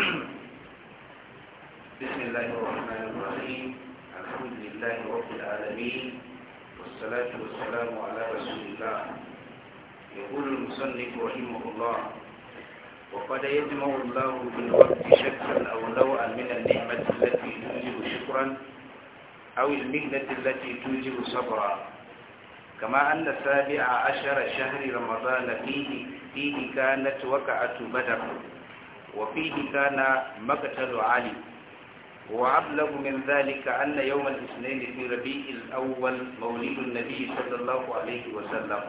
بسم الله الرحمن الرحيم الحمد لله رب العالمين والصلاة والسلام على رسول الله يقول المصنف رحمه الله وقد يجمع الله بالوقت شكرا أو نوعا من النعمة التي توجب شكرا أو المهنة التي توجب صبرا كما أن السابع عشر شهر رمضان فيه فيه كانت وقعة بدر وفيه كان مقتل علي وأبلغ من ذلك أن يوم الاثنين في ربيع الأول مولد النبي صلى الله عليه وسلم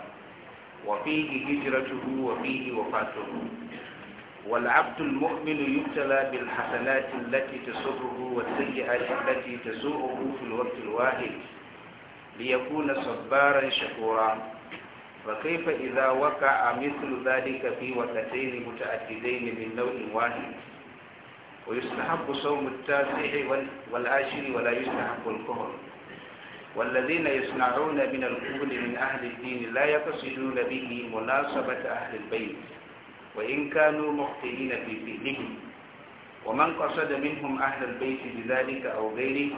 وفيه هجرته وفيه وفاته والعبد المؤمن يبتلى بالحسنات التي تسره والسيئات التي تسوءه في الوقت الواحد ليكون صبارا شكورا فكيف إذا وقع مثل ذلك في وقتين متعددين من نوع واحد ويستحب صوم التاسع والعاشر ولا يستحب الكهر والذين يصنعون من الكهل من أهل الدين لا يقصدون به مناسبة أهل البيت وإن كانوا مخطئين في فعلهم ومن قصد منهم أهل البيت بذلك أو غيره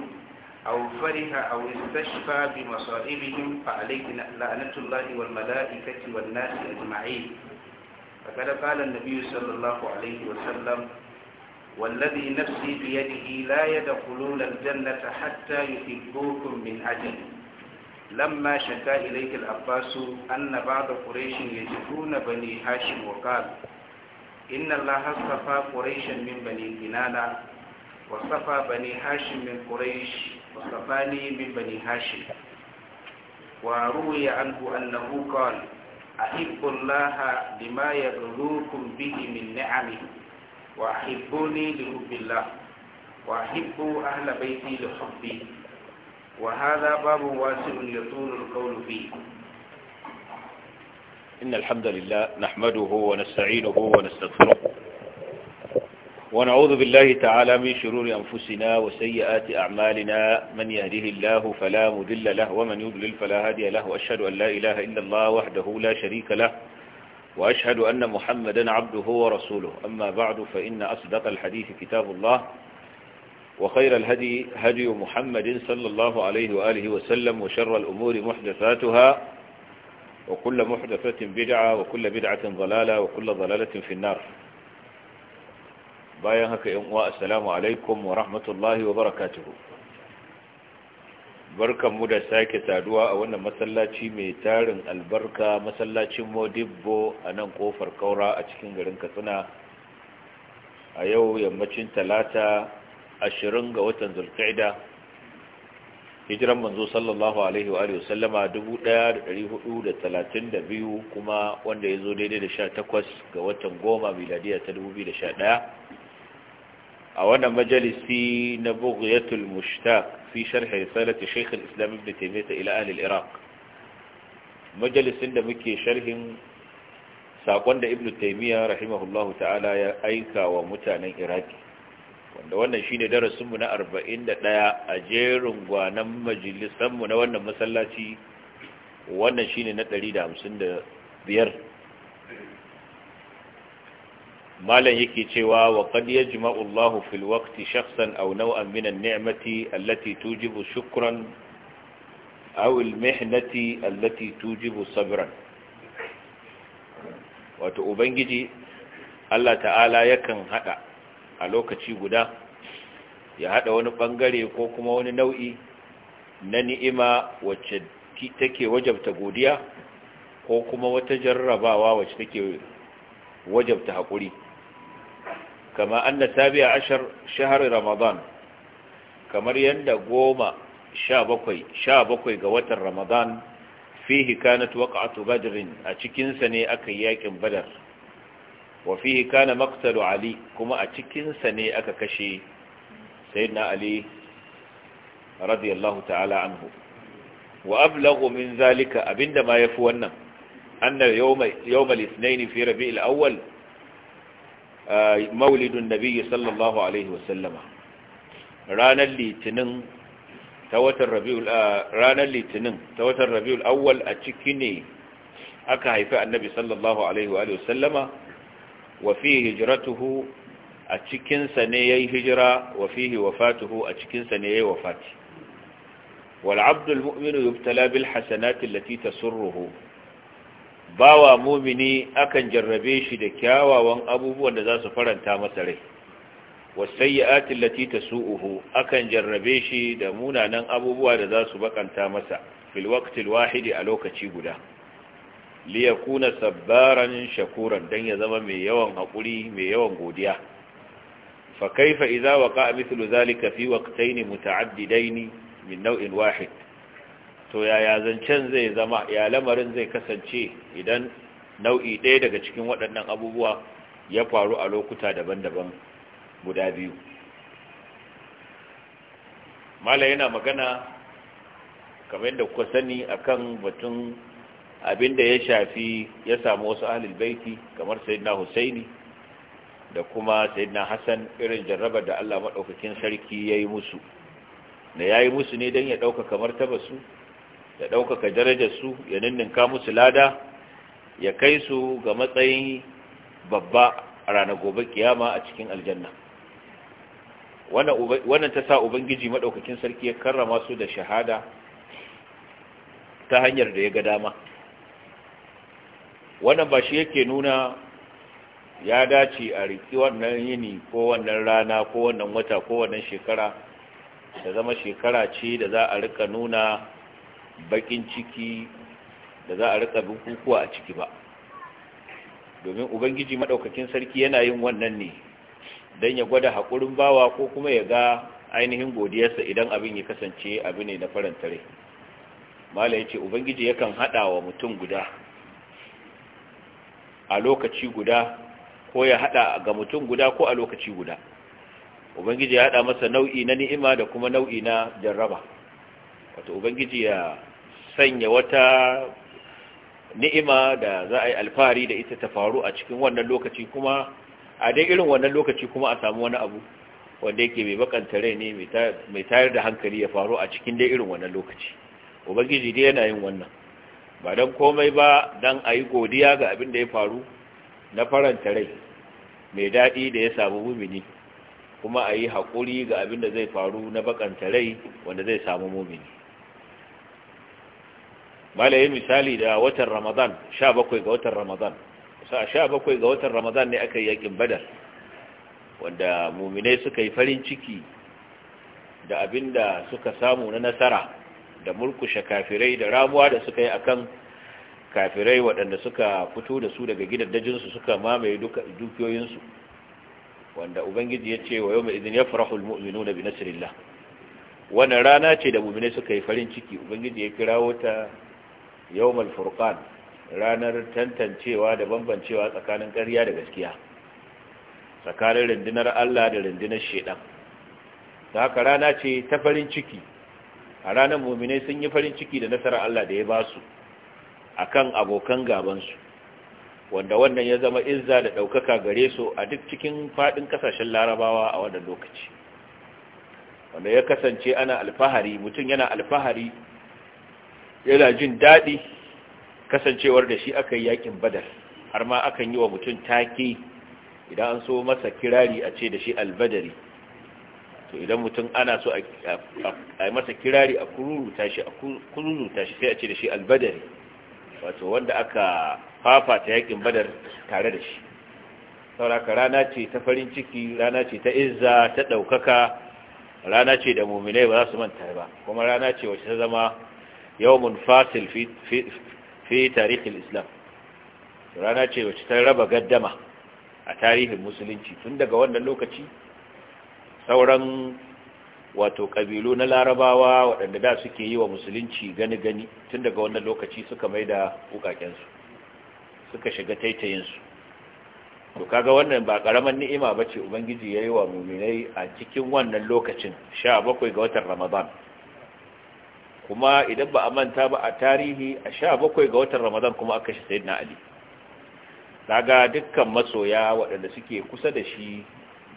أو فرح أو استشفى بمصائبهم فعليه لعنة الله والملائكة والناس أجمعين فقد قال النبي صلى الله عليه وسلم والذي نفسي بيده لا يدخلون الجنة حتى يحبوكم من أجل لما شكا إليه العباس أن بعض قريش يجفون بني هاشم وقال إن الله اصطفى قريشا من بني كنانة وصفى بني هاشم من قريش الخفاني من بني هاشم وروي عنه أنه قال أحب الله لما يبلوكم به من نعمه وأحبوني لحب الله وأحب أهل بيتي لحبي وهذا باب واسع يطول القول فيه إن الحمد لله نحمده ونستعينه ونستغفره ونعوذ بالله تعالى من شرور أنفسنا وسيئات أعمالنا من يهده الله فلا مذل له ومن يضلل فلا هادي له وأشهد أن لا إله إلا الله وحده لا شريك له وأشهد أن محمدا عبده ورسوله أما بعد فإن أصدق الحديث كتاب الله وخير الهدي هدي محمد صلى الله عليه وآله وسلم وشر الأمور محدثاتها وكل محدثة بدعة وكل بدعة ضلالة وكل ضلالة في النار bayan haka yan uwa assalamu alaikum wa rahmatullahi wa barakatuhu barkanmu da sake saduwa a wannan masallaci mai tarin albarka masallacin modibbo a nan kofar kaura a cikin garin katsina a yau yammacin talata ashirin ga watan zulkaida hijiran manzo sallallahu alaihi wa alihi wasallama 1432 kuma wanda ya zo daidai da 18 ga watan goma miladiya ta 2011 a wannan majalisi na bugiyatul mushtaq fi sharhi risalati shaykh al-islam ibn taymiyyah ila ahli al-iraq majalisin da muke sharhin sakon da ibn taymiyyah rahimahullahu ta'ala ya aika wa mutanen iraki wanda wannan shine darasin mu na 41 a jerin gwanan majalisan mu na wannan masallaci wannan shine na 155 malam yake cewa wa qad yajma'u Allahu fil waqti shakhsan aw naw'an min an-ni'mati allati tujibu shukran aw al-mihnati allati tujibu sabran wato ubangiji Allah ta'ala yakan hada a lokaci guda ya hada wani bangare ko kuma wani nau'i na ni'ima wacce take wajabta godiya ko kuma wata jarrabawa wacce take wajabta haƙuri kama anna sabi'a ashar shahar ramadan kamar yadda goma sha bakwai sha bakwai ga watan ramadan fihi kanat waqa'atu badr a cikinsa ne aka yi yakin badar wa fihi kana maqtalu ali kuma a cikinsa ne aka kashe sayyidina ali radiyallahu ta'ala anhu wa ablagu min zalika abinda ma yafi wannan anna yawma yawma al-ithnain fi rabi'il awwal maulidun nabiyyi sallallahu alaihi wasallama ranar litinin ta watan rabiul ranar litinin ta watan rabiul awwal a ciki ne aka haifi annabi sallallahu alaihi wa sallama wa fi hijratuhu a cikinsa ne ya yi hijira wa fihi wafatuhu a cikinsa ne ya yi wafati wal abdul mu'minu yubtala bil hasanati allati tasurruhu bawa mumini akan jarrabe shi da kyawawan abubuwan da za su faranta masa rai wasayyatin lati tasu'uhu akan jarrabe shi da munanan abubuwa da za su bakanta masa fil waqtil wahidi a lokaci guda li yakuna sabbaran shakuran dan ya zama mai yawan haƙuri mai yawan godiya fa kaifa idza waqa mithlu zalika fi waqtayn muta'addidayn min naw'in wahid to yaya zancen zai zama ya lamarin zai kasance idan nau'i ɗaya daga cikin waɗannan abubuwa ya faru a lokuta daban-daban guda biyu mala yana magana kamar yadda kuka sani akan batun abinda ya shafi ya samu wasu ahlul baiti kamar sayyidina husaini da kuma sayyidina hassan irin jarrabar da Allah maɗaukakin sarki ya yi musu da yi musu ne don ya ɗauka kamar tabasu ya ɗaukaka darajar su ya ninninka musu lada ya kai su ga matsayin babba a ranar gobe kiyama a cikin aljanna wannan ta sa ubangiji maɗaukakin sarki ya karrama su da shahada ta hanyar da ya ga dama wannan ba shi yake nuna ya dace a riki wannan yini ko wannan rana ko wannan wata ko wannan shekara da zama shekara ce da za a rika nuna bakin ciki da za a rika bukukuwa a ciki ba domin ubangiji madaukakin sarki yana yin wannan ne don ya gwada haƙurin bawa ko kuma ya ga ainihin godiyarsa idan abin ya kasance abu ne na faranta rai mala ya ubangiji yakan haɗa wa mutum guda a lokaci guda ko ya haɗa ga mutum guda ko a lokaci guda ubangiji ya haɗa masa nau'i na ni'ima da kuma nau'i na jarraba wato ubangiji ya sanya wata ni'ima da za a yi alfahari da ita ta faru a cikin wannan lokaci kuma a dai irin wannan lokaci kuma a samu wani abu wanda yake mai bakanta rai ne mai tayar da hankali ya faru a cikin dai irin wannan lokaci ubangiji dai yana yin wannan ba don komai ba don a yi godiya ga abin da ya faru na faranta rai mai daɗi da ya samu mumini kuma a yi haƙuri ga abin da zai faru na bakanta rai wanda zai samu mumini malaye misali da watan ramadan 17 ga watan ramadan sa 17 ga watan ramadan ne aka yi yakin badar wanda muminai suka yi farin ciki da abinda suka samu na nasara da mulkushe kafirai da ramuwa da suka yi akan kafirai waɗanda suka fito da su daga gidaddajinsu suka mamaye dukiyoyinsu wanda ubangiji ya ce wa yau mai izin ya farahul mu'minu na binasirillah wannan rana ce da muminai suka yi farin ciki ubangiji ya kirawo ta yawmal furqan ranar tantancewa da bambancewa tsakanin ƙarya da gaskiya tsakanin rundunar Allah da rundunar shedan ta haka rana ce ta farin ciki a ranar muminai sun yi farin ciki da nasarar Allah da ya ba su akan abokan gaban su, wanda wannan ya zama izza da ɗaukaka gare su a duk cikin faɗin ƙasashen larabawa a wannan lokaci wanda ya kasance ana alfahari mutum yana alfahari yana jin daɗi kasancewar da shi aka yi yakin badar har ma akan yi wa mutum take idan an so masa kirari a ce da shi albadari to idan mutum ana so a yi masa kirari a kururuta shi sai a ce da shi albadari wato wanda aka fafata yakin badar tare da shi sauraka rana ce ta farin ciki rana ce ta izza ta ɗaukaka rana ce da muminai ba za su manta ba kuma rana ce wacce ta zama yawmun fasil fi tarihin islam rana ce wacce ta raba gaddama a tarihin musulunci tun daga wannan lokaci sauran wato kabilu na larabawa waɗanda da suke yi wa musulunci gani-gani tun daga wannan lokaci suka mai da wukakensu suka shiga taitayinsu to kaga wannan ba ƙaramin ni'ima ba ce ubangiji ya yi wa muminai a cikin wannan lokacin sha bakwai ga watan ramadan kuma idan ba a manta ba a tarihi a sha bakwai ga watan ramadan kuma aka shi na ali daga dukkan masoya waɗanda suke kusa da shi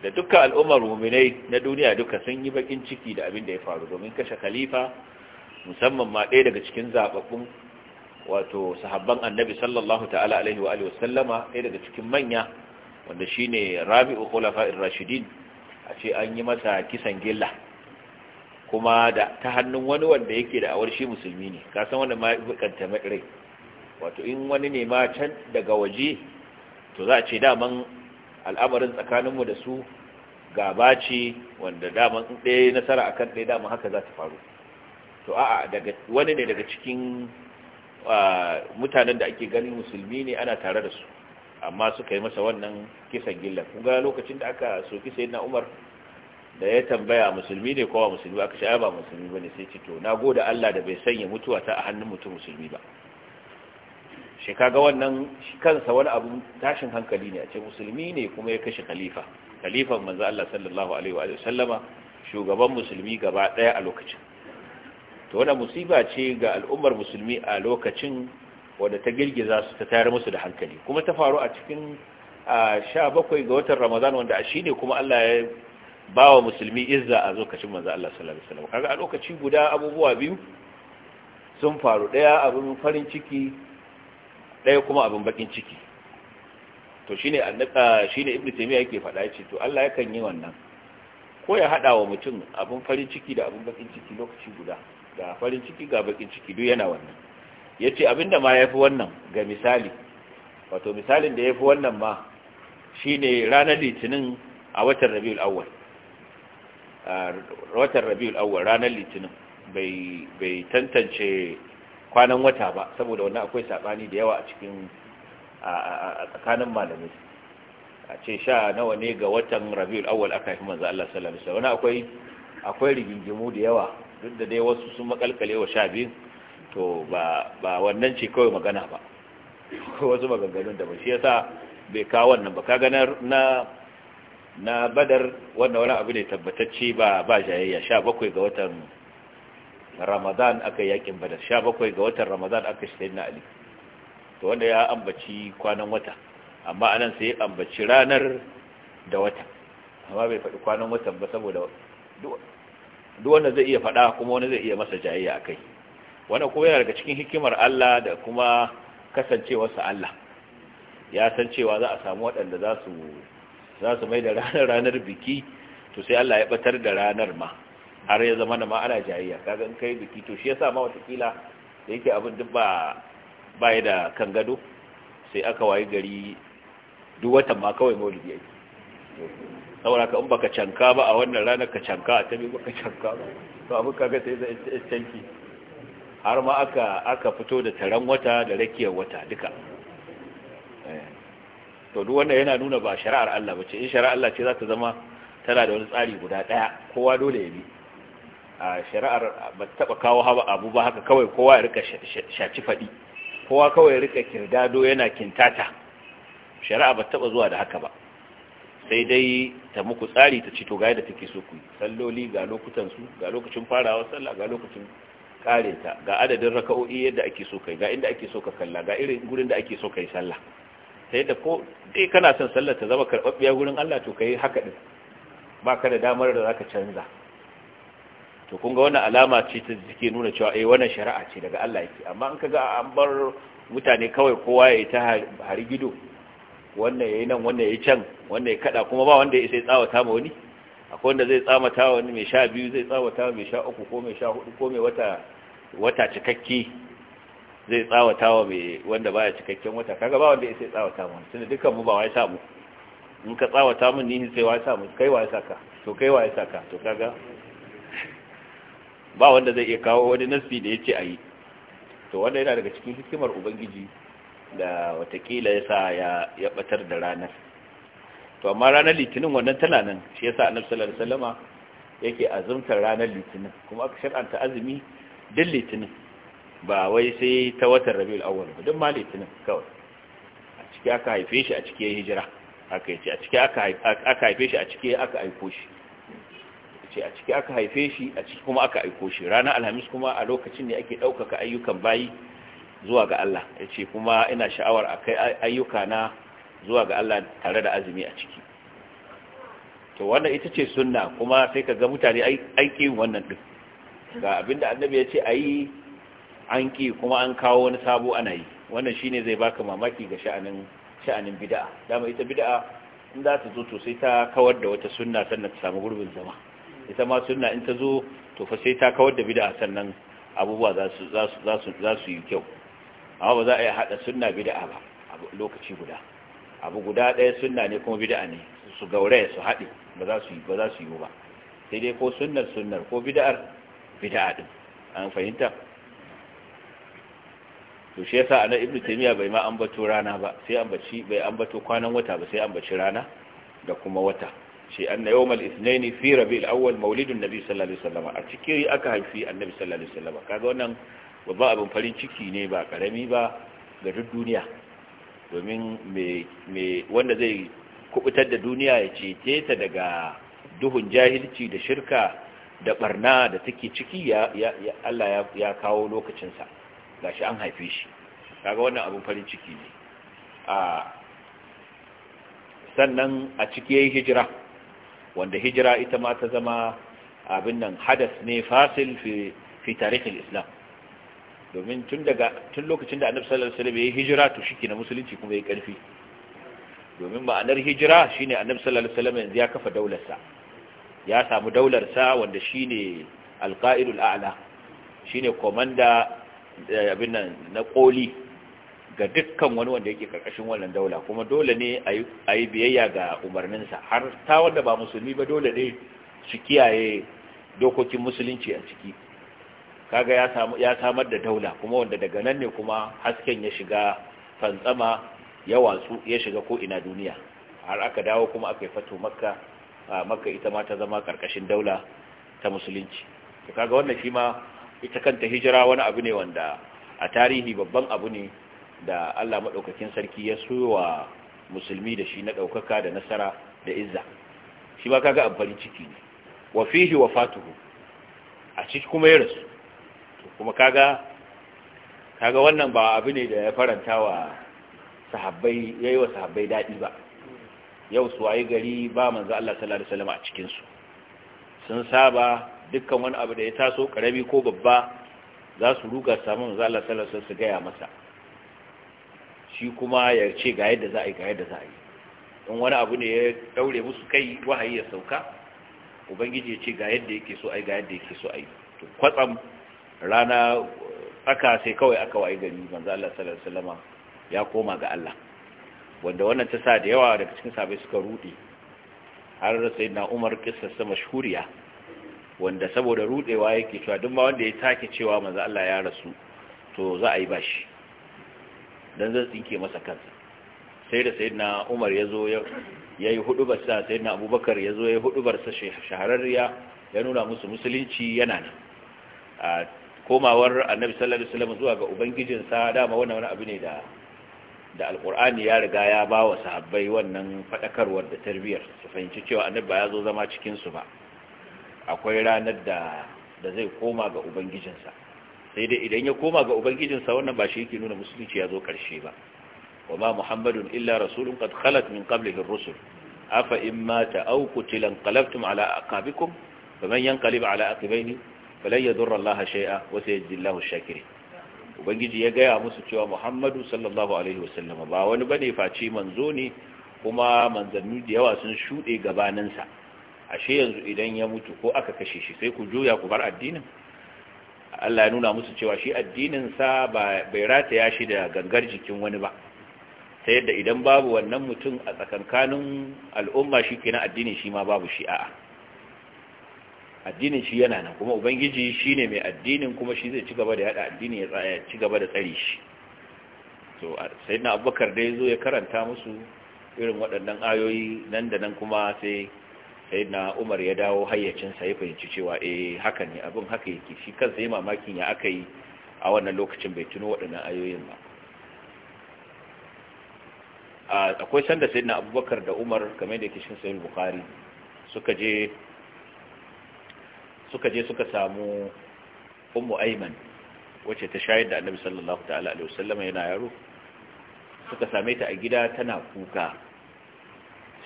da dukkan al'ummar muminai na duniya duka sun yi bakin ciki da abin da ya faru domin kashe khalifa musamman ma ɗaya daga cikin zaɓaɓɓun, wato sahabban annabi sallallahu ta'ala alaihi wa alihi wasallama ɗaya daga cikin manya wanda shine rabi'u khulafa'ir rashidin a ce an yi masa kisan gilla kuma da ta hannun wani wanda yake da awarshi musulmi ne ka san wanda ma bukanta rai wato in wani ne ma can daga waje to za a ce daman al'amarin tsakaninmu da su gaba ce wanda daman ɗaya nasara a kan ɗaya daman haka za ta faru to a'a wani ne daga cikin mutanen da ake ganin musulmi ne ana tare da su amma suka yi masa wannan kisan gillar kun ga lokacin da aka soki na Umar da ya tambaya musulmi ne kowa musulmi aka sha ba musulmi ba ne sai ce to na goda Allah da bai sanya mutuwa ta a hannun mutum musulmi ba shi kaga wannan shi kansa wani abu tashin hankali ne a ce musulmi ne kuma ya kashe khalifa khalifan manzo Allah sallallahu alaihi wa sallama shugaban musulmi gaba daya a lokacin to wannan musiba ce ga al'ummar musulmi a lokacin wanda ta girgiza su ta tayar musu da hankali kuma ta faru a cikin a 17 ga watan Ramadan wanda shi ne kuma Allah ya ba wa musulmi izza a lokacin manzo Allah sallallahu alaihi wasallam kaga a lokaci guda abubuwa biyu sun faru daya abin farin ciki daya kuma abin bakin ciki to shine annaka shine ibnu taymiya yake faɗa yace to Allah yakan yi wannan ko ya hada wa mutum abin farin ciki da abin bakin ciki lokaci guda ga farin ciki ga bakin ciki duk yana wannan yace abinda ma yafi wannan ga misali wato misalin da yafi wannan ma shine ranar litinin a watan Rabiul Awwal watan rabiul awwal ranar litinin bai tantance kwanan wata ba saboda wannan akwai sabani da yawa a cikin a tsakanin malamai a ce sha nawa ne ga watan rabiul awwal aka yi manzo Allah sallallahu alaihi wasallam akwai akwai rigingimu da yawa duk da dai wasu sun makalkale wa sha biyu to ba ba wannan ce kawai magana ba wasu maganganun da ba shi yasa bai kawo wannan ba kaga na na badar wannan wani abu ne tabbatacce ba ba jayayya 17 ga watan ramadan aka yi yakin badar 17 ga watan ramadan aka shi na ali to wanda ya ambaci kwanan wata amma anan sai ya ambaci ranar da wata amma bai faɗi kwanan wata ba saboda duk wanda zai iya faɗa kuma wani zai iya masa jayayya a kai wannan kuma yana daga cikin hikimar Allah da kuma kasancewarsa Allah ya san cewa za a samu waɗanda za su za su mai da ranar ranar biki to sai Allah ya batar da ranar ma har ya zama da ma'ana ana jayayya kaga in kai biki to shi yasa ma watakila da yake abin duk ba ba ya da kan gado sai aka wayi gari duk watan ma kawai maulidi yake saboda ka in baka canka ba a wannan ranar ka canka a tabi baka canka ba to abin kaga sai da canki har ma aka aka fito da taron wata da rakiyar wata duka to duk wanda yana nuna ba shari'ar Allah ba ce in shari'ar Allah ce za ta zama tana da wani tsari guda daya kowa dole ya bi a shari'ar ba ta taɓa kawo haba abu ba haka kawai kowa ya rika shaci faɗi kowa kawai ya rika kirdado yana kintata shari'a ba taɓa zuwa da haka ba sai dai ta muku tsari ta ci to ga yadda take so ku salloli ga lokutan su ga lokacin farawa sallah ga lokacin kare ta ga adadin raka'o'i yadda ake so kai ga inda ake so ka kalla ga irin gurin da ake so kai sallah sai da ko dai kana son sallar ta zama karɓaɓɓiya gurin Allah to kai haka din ba ka da damar da zaka canza to kun ga wannan alama ce ta take nuna cewa eh wannan shari'a ce daga Allah yake amma in kaga an bar mutane kawai kowa ya ta gido wannan yayi nan wannan yayi can wannan ya kada kuma ba wanda ya sai tsawata ma wani akwai wanda zai tsamata wani mai sha biyu zai tsawata mai sha uku ko mai sha hudu ko mai wata wata cikakke zai tsawata wa mai wanda baya cikakken wata kaga ba wanda ya sai tsawata mu tunda dukkan mu ba wai samu. in ka tsawata mun ni sai wai sa kai wai saka to kai wai saka to kaga ba wanda zai iya kawo wani nasi da yace ayi to wanda yana daga cikin hikimar ubangiji da watakila yasa ya ya batar da ranar to amma ranar litinin wannan tana nan shi yasa annabi sallallahu alaihi wasallama yake azumtar ranar litinin kuma aka shar'anta azumi din litinin ba wai sai ta watan rabiul awwal ba duk ma litinin kawai a ciki aka haife shi a ciki ya hijira aka yace a ciki aka haife shi a ciki aka aiko shi a ciki aka haife shi a ciki kuma aka aiko shi ranar alhamis kuma a lokacin ne ake ɗaukaka ayyukan bayi zuwa ga Allah ya ce kuma ina sha'awar a kai ayyuka na zuwa ga Allah tare da azumi a ciki to wannan ita ce sunna kuma sai ka ga mutane aiki wannan din ga abinda annabi ya ce a yi an ki kuma an kawo wani sabo ana yi wannan shine zai baka mamaki ga sha'anin sha'anin bid'a dama ita bid'a in za ta zo to sai ta kawar da wata sunna sannan ta samu gurbin zama ita ma sunna in ta zo to fa sai ta kawar da bida'a sannan abubuwa za su yi kyau amma ba za a yi hada sunna bid'a ba lokaci guda abu guda ɗaya sunna ne kuma bida'a ne su gauraya su haɗe ba za su yi ba za sai dai ko sunnar sunnar ko bida'ar bida'a din an fahimta to shi yasa anan ibnu taymiya bai ma ambato rana ba sai ambaci bai ambato kwanan wata ba sai ambaci rana da kuma wata shi anna yawmal ithnain fi rabi'il awwal maulidun nabi sallallahu alaihi wasallam a cikin aka haifi annabi sallallahu alaihi wasallam kaga wannan babban abin farin ciki ne ba karami ba ga duk duniya domin me wanda zai kubutar da duniya ya cece ta daga duhun jahilci da shirka da barna da take ciki ya Allah ya kawo lokacinsa gashi an haife shi kaga wannan abin farin ciki ne a sannan a ciki yayi hijira wanda hijira ita ma ta zama abin nan hadas ne fasil fi fi tarihin islam domin tun daga lokacin da annabi sallallahu alaihi wasallam yi hijira to shike na musulunci kuma ya karfi domin ma'anar hijira shine annabi sallallahu alaihi wasallam yanzu ya kafa daular ya samu daular sa wanda shine alqaidul a'la shine komanda Eh, abin nan na koli ga dukkan wani wanda yake karkashin wannan daula kuma dole ne a yi biyayya ga umarninsa har ta wanda ba musulmi ba dole ne su kiyaye dokokin musulunci a ciki kaga ya samar da daula kuma wanda daga nan ne kuma hasken ya shiga fantsama ya watsu ya shiga ko'ina duniya har aka dawo kuma aka yi fato makka makka ita ma ta zama karkashin daula ta musulunci kaga wannan shi ma ita kanta hijira wani abu ne wanda a tarihi babban abu ne da Allah maɗaukakin sarki ya wa musulmi da shi na ɗaukaka da nasara da izza shi ba kaga abin ciki ne wa fihi wa fatuhu a ciki kuma ya rasu kuma kaga kaga wannan ba abu ne da ya faranta wa sahabbai yayi wa sahabbai daɗi ba yau su waye gari ba manzo Allah sallallahu alaihi wasallam a cikin su sun saba dukkan wani abu da ya taso karami ko babba za su ruga samu manzo Allah sallallahu su gaya masa shi kuma ya ce ga yadda za a yi ga yadda za a yi in wani abu ne ya daure musu kai wahayi ya sauka ubangiji ya ce ga yadda yake so a yi, ga yadda yake so a yi. to kwatsam rana aka sai kawai aka wayi gari manzo Allah sallallahu alaihi wasallama ya koma ga Allah wanda wannan ta sa da yawa daga cikin sahabbai suka rudi har na Umar kissa sa mashhuriya wanda saboda rudewa yake cewa duk ma wanda ya take cewa manzo Allah ya rasu to za a yi bashi dan zan tsinke masa kansa sai da sayyidina Umar yazo ya yi hudubar sa sayyidina Abubakar yazo yayi hudubar sa shahararriya ya nuna musu musulunci yana nan a komawar Annabi sallallahu alaihi wasallam zuwa ga ubangijinsa dama wannan wani abu ne da da alqur'ani ya riga ya ba wa sahabbai wannan faɗakarwar da tarbiyyar su fahimci cewa annabi ba ya zo zama cikinsu ba akwai ranar da da zai koma ga ubangijinsa sai dai idan ya koma ga ubangijinsa wannan ba shi yake nuna musulunci ya zo ƙarshe ba Kuma Muhammadu muhammadun illa rasulun qad khalat min qablihi ar-rusul afa in mata aw qutila qalabtum ala aqabikum faman yanqalib ala aqibayni falan yadurra allaha shay'a wa sayajzi ash-shakirin ubangiji ya gaya musu cewa muhammadu sallallahu alaihi wasallam ba wani bane face manzo ne kuma manzanni da yawa sun shuɗe gabaninsa ashe yanzu idan ya mutu ko aka kashe shi sai ku juya ku bar addinin Allah ya nuna musu cewa shi addinin ba bai rataya shi da gangar jikin wani ba ta yadda idan babu wannan mutum a tsakankanin al'umma shi kenan addinin shi ma babu shi a'a addinin shi yana nan kuma ubangiji shi ne mai addinin kuma shi zai ci gaba da yada addini ya tsaya ci gaba da tsari shi to sayyidina abubakar dai zo ya karanta musu irin waɗannan ayoyi nan da nan kuma sai sai na Umar ya dawo hayyacin sa ya fahimci cewa eh haka ne abin haka yake shi kansa sai mamakin ya aka yi a wannan lokacin bai tuno waɗannan ayoyin ba akwai sanda sai na Abubakar da Umar game da yake cikin sahih bukari suka je suka je suka samu umu aiman wacce ta shayar da annabi sallallahu ta'ala alaihi wasallama yana yaro suka same ta a gida tana kuka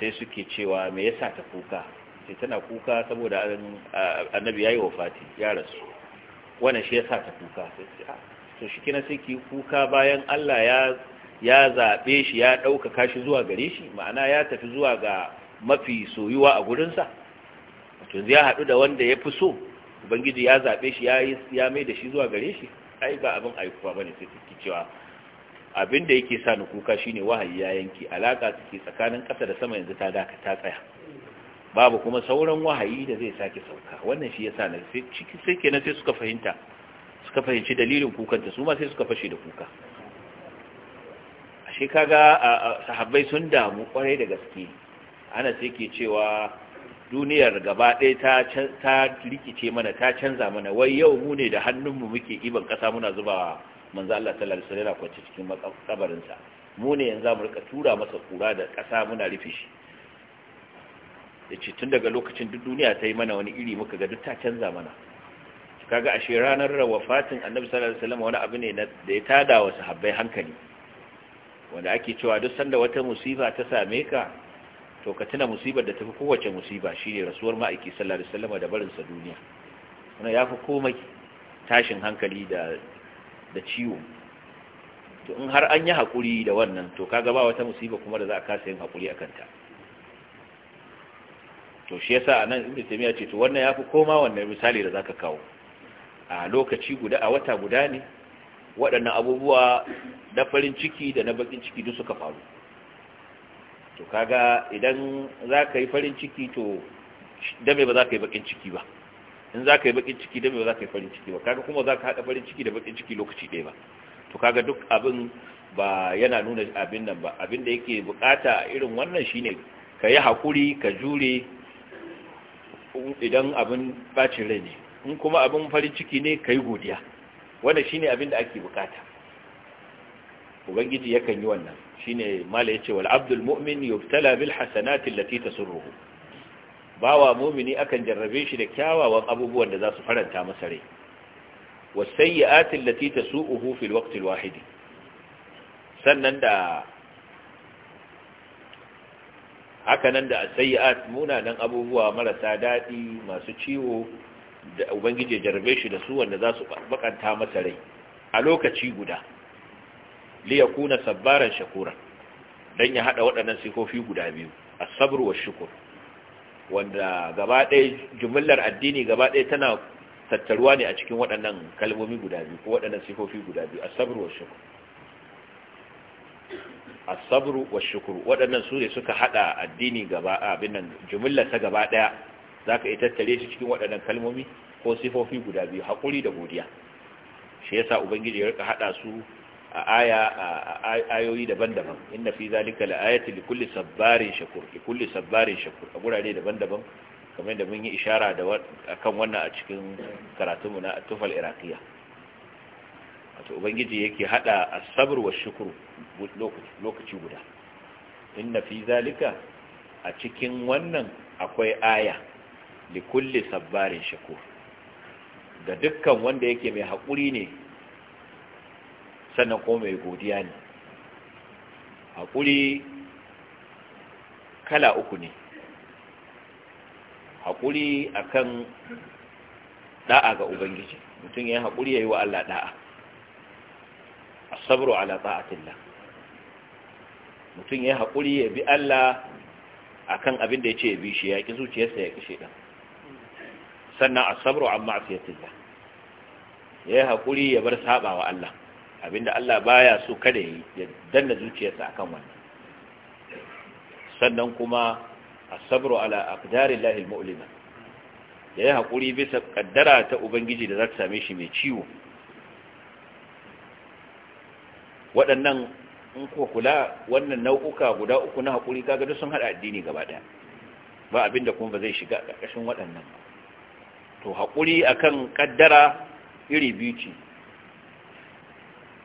sai suke cewa me yasa ta kuka sai tana kuka saboda annabi yayi wafati ya rasu wannan shi yasa ta kuka sai ah, to shi kina sai ki kuka bayan Allah ya ya zabe shi ya ɗaukaka kashi zuwa gare shi ma'ana ya tafi zuwa ga mafi soyuwa a gurinsa tun ya haɗu da wanda ya fi so ubangiji ya zaɓe shi ya mai da shi zuwa gare shi ai ba abin aikuwa bane ne sai ki cewa abin da yake sa ni kuka shine wahayi ya yanki alaka suke tsakanin ƙasa da sama yanzu ta daka ta tsaya babu kuma sauran wahayi da zai sake sauka wannan shi yasa na ciki sai kenan sai suka fahimta suka fahimci dalilin kukanta su ma sai suka fashe da kuka shekaga a sahabbai sun damu kwarai da gaske ana sai ke cewa duniyar gaba ɗaya ta ta rikice mana ta canza mana wai yau mu ne da hannunmu muke iban ƙasa muna zubawa manzo Allah sallallahu alaihi wasallam kwace cikin makabarin sa mu ne yanzu mu rika tura masa kura da kasa muna rufe shi yace tun daga lokacin duk duniya ta yi mana wani iri muka ga duk ta canza mana kaga ashe ranar wafatin annabi sallallahu alaihi wasallam wani abu ne da ya tada wa sahabbai hankali wanda ake cewa duk sanda wata musiba ta same ka to ka tuna musibar da tafi kowace musiba shine rasuwar ma'aiki sallallahu alaihi wasallam da barin sa duniya wannan yafi komai tashin hankali da da ciwo to in har an yi haƙuri da wannan to kaga ba wata musiba kuma da za a kasa yin haƙuri a kanta to shi yasa a nan inda taymiya ce to wannan ya fi koma wannan misali da za ka kawo a lokaci guda a wata guda ne waɗannan abubuwa na farin ciki da na bakin ciki duk suka faru to kaga idan za ka yi farin ciki to dame ba za ka yi bakin ciki ba in za ka yi bakin ciki da ba za ka yi farin ciki ba kaga kuma za ka haɗa farin ciki da bakin ciki lokaci ɗaya ba to kaga duk abin ba yana nuna abin nan ba abin da yake bukata irin wannan shine ka yi haƙuri ka jure idan abin bacin rai ne in kuma abin farin ciki ne ka yi godiya wanda shine abin da ake bukata ubangiji yakan yi wannan shine mala ce wal abdul mu'min yubtala bil hasanati allati tasurruhu bawa mumini akan jarrabe shi da kyawawan abubuwan da za su faranta masa rai wasayyi'ati lati tasu'uhu fil waqti alwahid sannan da haka nan da sayyi'at munanan abubuwa marasa dadi masu ciwo da ubangiji ya jarrabe shi da su wanda za su bakanta masa rai a lokaci guda li yakuna sabbaran shakura dan ya hada waɗannan sifofi guda biyu as-sabr shukur. shukr wanda gaba ɗaya addini gaba tana tattaruwa ne a cikin waɗannan kalmomi guda biyu ko waɗannan sifofi guda biyu asabru wa shukru asabru wa shukru waɗannan su ne suka haɗa addini gaba abin nan jumillar ta gabaɗaya, ɗaya zaka iya tattare shi cikin waɗannan kalmomi ko sifofi guda biyu hakuri da godiya shi yasa ubangiji ya rika haɗa su a aya ayoyi daban-daban inda fi zalika la'ayati li kulli sabbarin shakur li kulli sabbarin shakur a gurare daban-daban kamar da mun yi ishara da akan wannan a cikin karatunmu na tufal iraqiya wato ubangiji yake hada as-sabr wa Shukr lokaci guda inna fi zalika a cikin wannan akwai aya li kulli sabbarin shakur ga dukkan wanda yake mai haƙuri ne sannan ko mai godiya ne haƙuri kala uku ne haƙuri akan ɗa'a ga ubangiji mutum ya yi haƙuri ya yi wa Allah a sabro ala ta'atillah mutum ya yi haƙuri ya bi Allah akan abin da ya ce ya bi shi ya ƙi zuciyarsa ya ƙi shaidan sannan sabro an ma'afiyatillah ya yi haƙuri ya bar saɓa wa Allah abinda Allah baya so kada yi ya danna zuciyarsa akan wannan sannan kuma as-sabru ala aqdarillahi al-mu'lima yayi hakuri bisa kaddara ta ubangiji da za ta same shi mai ciwo waɗannan in ko kula wannan nau'uka guda uku na hakuri kaga duk sun hada addini gaba daya ba abinda kuma ba zai shiga ƙarƙashin waɗannan to hakuri akan kaddara iri biyu ce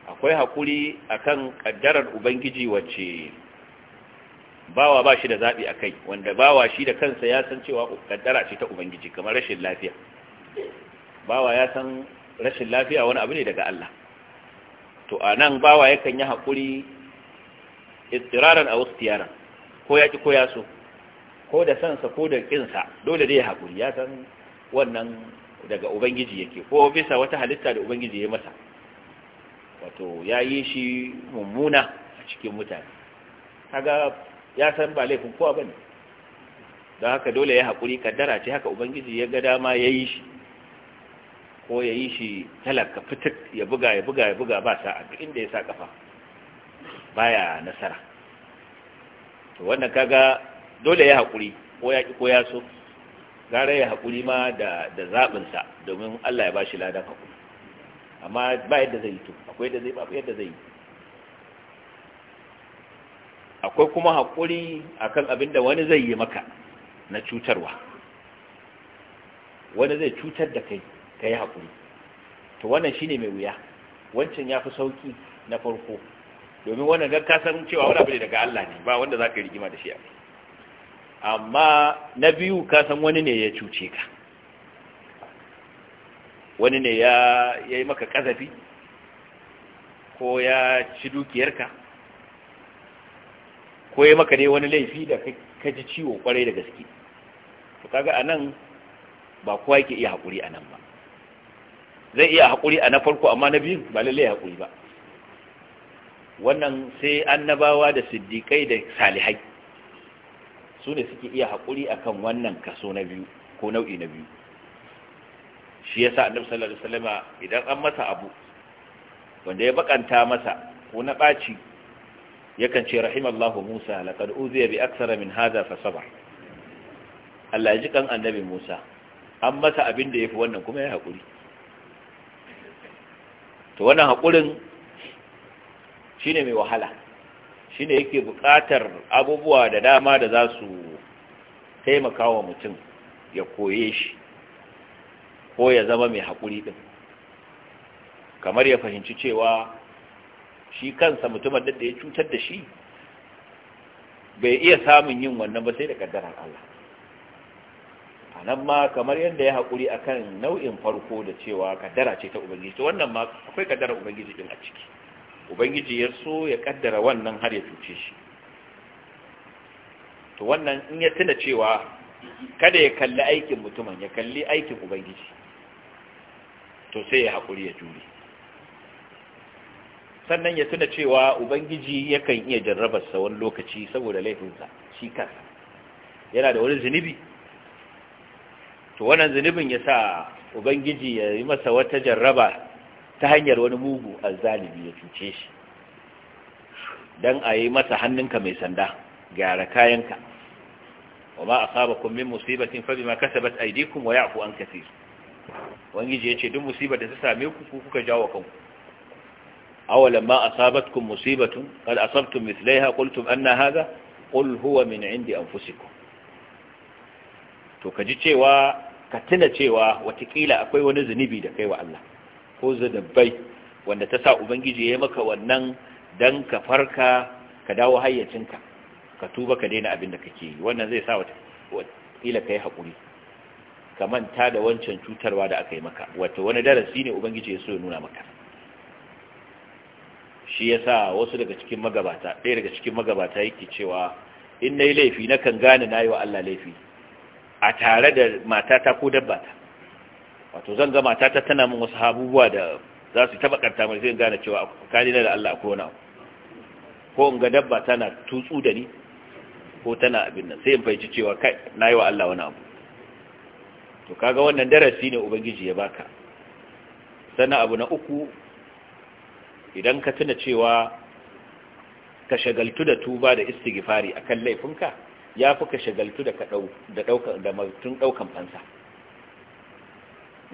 akwai hakuri akan kaddarar ubangiji wacce bawa ba shi da zaɓi a kai wanda bawa shi da kansa ya san cewa kaddara ce ta ubangiji kamar rashin lafiya bawa ya san rashin lafiya wani abu ne daga Allah to a nan bawa yakan yi haƙuri istiraran a wasu ko ya ƙi ko ya so ko da sansa ko da ƙinsa dole dai haƙuri ya san wannan daga ubangiji yake ko bisa wata halitta da ubangiji ya masa wato ya yi shi mummuna a cikin mutane kaga ya san ba laifin kowa bane don haka dole ya haƙuri kaddara ce haka ubangiji ya ga dama ya yi shi ko ya yi shi talaka fitik ya buga ya buga ya buga ba sa a inda ya sa kafa baya nasara to wannan kaga dole ya haƙuri ko ya ko ya so gara ya haƙuri ma da da zaɓinsa domin Allah ya ba shi ladan haƙuri amma ba yadda zai yi to akwai yadda zai ba yadda zai yi akwai kuma haƙuri akan abin da wani zai yi maka na cutarwa wani zai cutar da kai ka yi haƙuri to wannan shine mai wuya wancan ya fi sauki na farko domin wannan ga kasan cewa wani abu ne daga Allah ne ba wanda za ka yi rigima da shi amma na biyu kasan wani ne ya cuce ka wani ne ya yi maka kazafi ko ya ci dukiyarka ko ya maka ne wani laifi da ka ji ciwo kwarai da gaske to kaga a nan ba kowa yake iya haƙuri a nan ba zai iya haƙuri a na farko amma na biyu ba lallai haƙuri ba wannan sai annabawa da siddiƙai da salihai su ne suke iya haƙuri akan wannan kaso na biyu ko nau'i na biyu shi ya sa annabi sallallahu alaihi idan an masa abu wanda ya bakanta masa ko na baci yakan ce rahimallahu Musa laqad uziya bi aksara min hadha fa sabar Allah ya ji kan annabi Musa an masa abin da yafi wannan kuma ya hakuri to wannan hakurin shine mai wahala shine yake buƙatar abubuwa da dama da za su taimaka wa mutum ya koye shi ko ya zama mai haƙuri ɗin kamar ya fahimci cewa shi kansa mutumin da ya cutar da shi bai iya samun yin wannan ba sai da ƙaddarar Allah a nan ma kamar yadda ya haƙuri a kan nau'in farko da cewa ƙaddara ce ta ubangiji wannan ma akwai ƙaddarar ubangiji ɗin a ciki ubangiji ya so ya ƙaddara wannan har ya cuce shi to wannan in ya tuna cewa kada ya kalli aikin mutumin ya kalli aikin ubangiji to sai ya haƙuri ya jure sannan ya tuna cewa ubangiji yakan iya jarrabarsa wani lokaci saboda laifinsa shi kansa yana da wani zunubi to wannan zunubin ya sa ubangiji ya yi masa wata jarraba ta hanyar wani mugu a azzalimi ya cuce shi don a yi masa hannunka mai sanda gyara kayanka wa ma a asabakum min musibatin fa ma kasabat aidikun wa ya ya'fu an su. ubangiji yace duk musibar da ta same ku ku kuka jawo kanku awalan ma asabatkum musibatu qad asabtum mithlaiha qultum anna hadha qul huwa min indi anfusikum to kaji cewa ka tuna cewa watakila akwai wani zunubi da kai wa Allah ko zunubai wanda ta sa ubangiji ya maka wannan dan ka farka ka dawo hayyacinka ka tuba ka daina abin da kake yi wannan zai sa wata kila kai hakuri ka manta da wancan cutarwa da aka yi maka wato wani darasi ne ubangiji ya so ya nuna maka shi yasa wasu daga cikin magabata ɗaya daga cikin magabata yake cewa in nayi laifi na kan gane na yi wa Allah laifi a tare da matata ko dabbata wato zan ga matata tana min wasu abubuwa da za su taba karta mai zai gane cewa kani na da Allah ko wani abu ko in ga dabba tana tutsu da ni ko tana abin nan sai in fahimci cewa kai na yi wa Allah wani abu to kaga wannan darasi ne ubangiji ya baka sannan abu na uku idan ka tuna cewa ka shagaltu da tuba da istighfari akan laifinka ya fi ka shagaltu da mutun ɗaukan fansa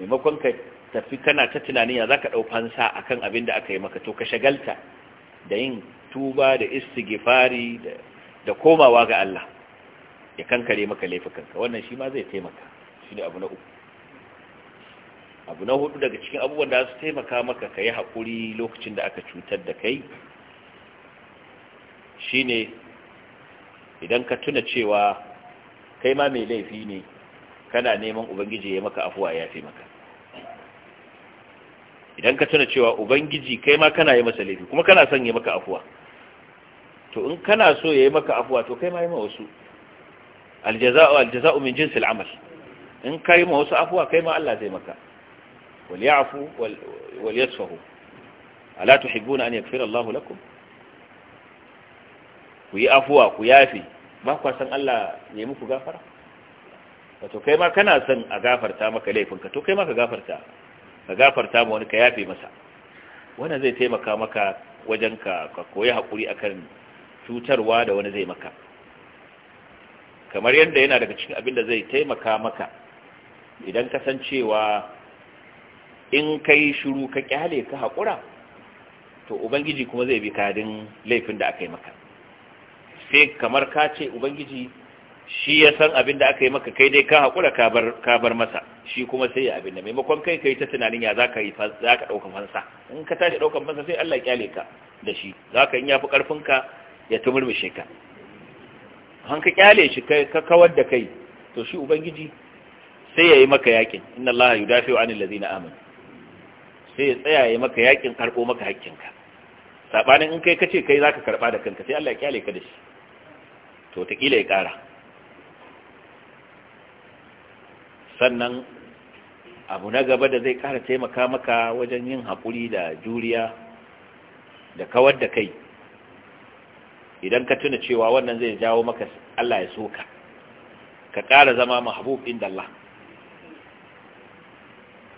maimakon ka tafi kana ta tunanin ya zaka ka ɗau fansa akan abin da aka yi maka to ka shagalta da yin tuba da istighfari da komawa ga Allah ya kankare maka laifukanka wannan shi ma zai taimaka shi ne abu na uku abu na hudu daga cikin abubuwan da su taimaka maka ka yi haƙuri lokacin da aka cutar da kai shi ne idan ka tuna cewa kai ma mai laifi ne kana neman ubangiji ya maka afuwa ya fi maka idan ka tuna cewa ubangiji kai ma kana yi masa laifi kuma kana son ya maka afuwa to in kana so ya yi maka afuwa to kai ma yi ma wasu aljaza'u aljaza'u min jinsil amal in ka yi ma wasu afuwa kai ma Allah zai maka wal ya'fu wal yasfahu ala tuhibuna an yaghfira Allahu lakum ku yi afuwa ku yafi ba kwa san Allah ya muku gafara wato kai ma kana son a gafarta maka laifinka to kai ma ka gafarta ka gafarta ma wani ka yafi masa wannan zai taimaka maka wajen ka ka koyi hakuri akan cutarwa da wani zai maka kamar yadda yana daga cikin abin da zai taimaka maka idan kasancewa in kai shiru ka kyale ka haƙura to ubangiji kuma zai bi kadin laifin da aka yi maka sai kamar ka ce ubangiji shi ya san abin da aka yi maka kai dai ka haƙura ka bar masa shi kuma sai ya abin da maimakon kai kai ta tunanin ya za ka yi za ka ɗaukan fansa in ka tashi ɗaukan fansa sai Allah kyale ka da shi za ka in ya fi ƙarfinka ya tumurmushe ka an ka kyale shi ka kawar da kai to shi ubangiji sai ya yi maka yakin inna Allah ya dafi wa anil ladina amanu sai ya tsaya ya maka yakin karbo maka hakkinka sabanin in kai kace kai zaka karba da kanka sai Allah ya kyale ka da shi to ta kila ya kara sannan abu na gaba da zai kara taimaka maka wajen yin haƙuri da juriya da kawar da kai idan ka tuna cewa wannan zai jawo maka Allah ya soka ka ƙara zama mahabub inda Allah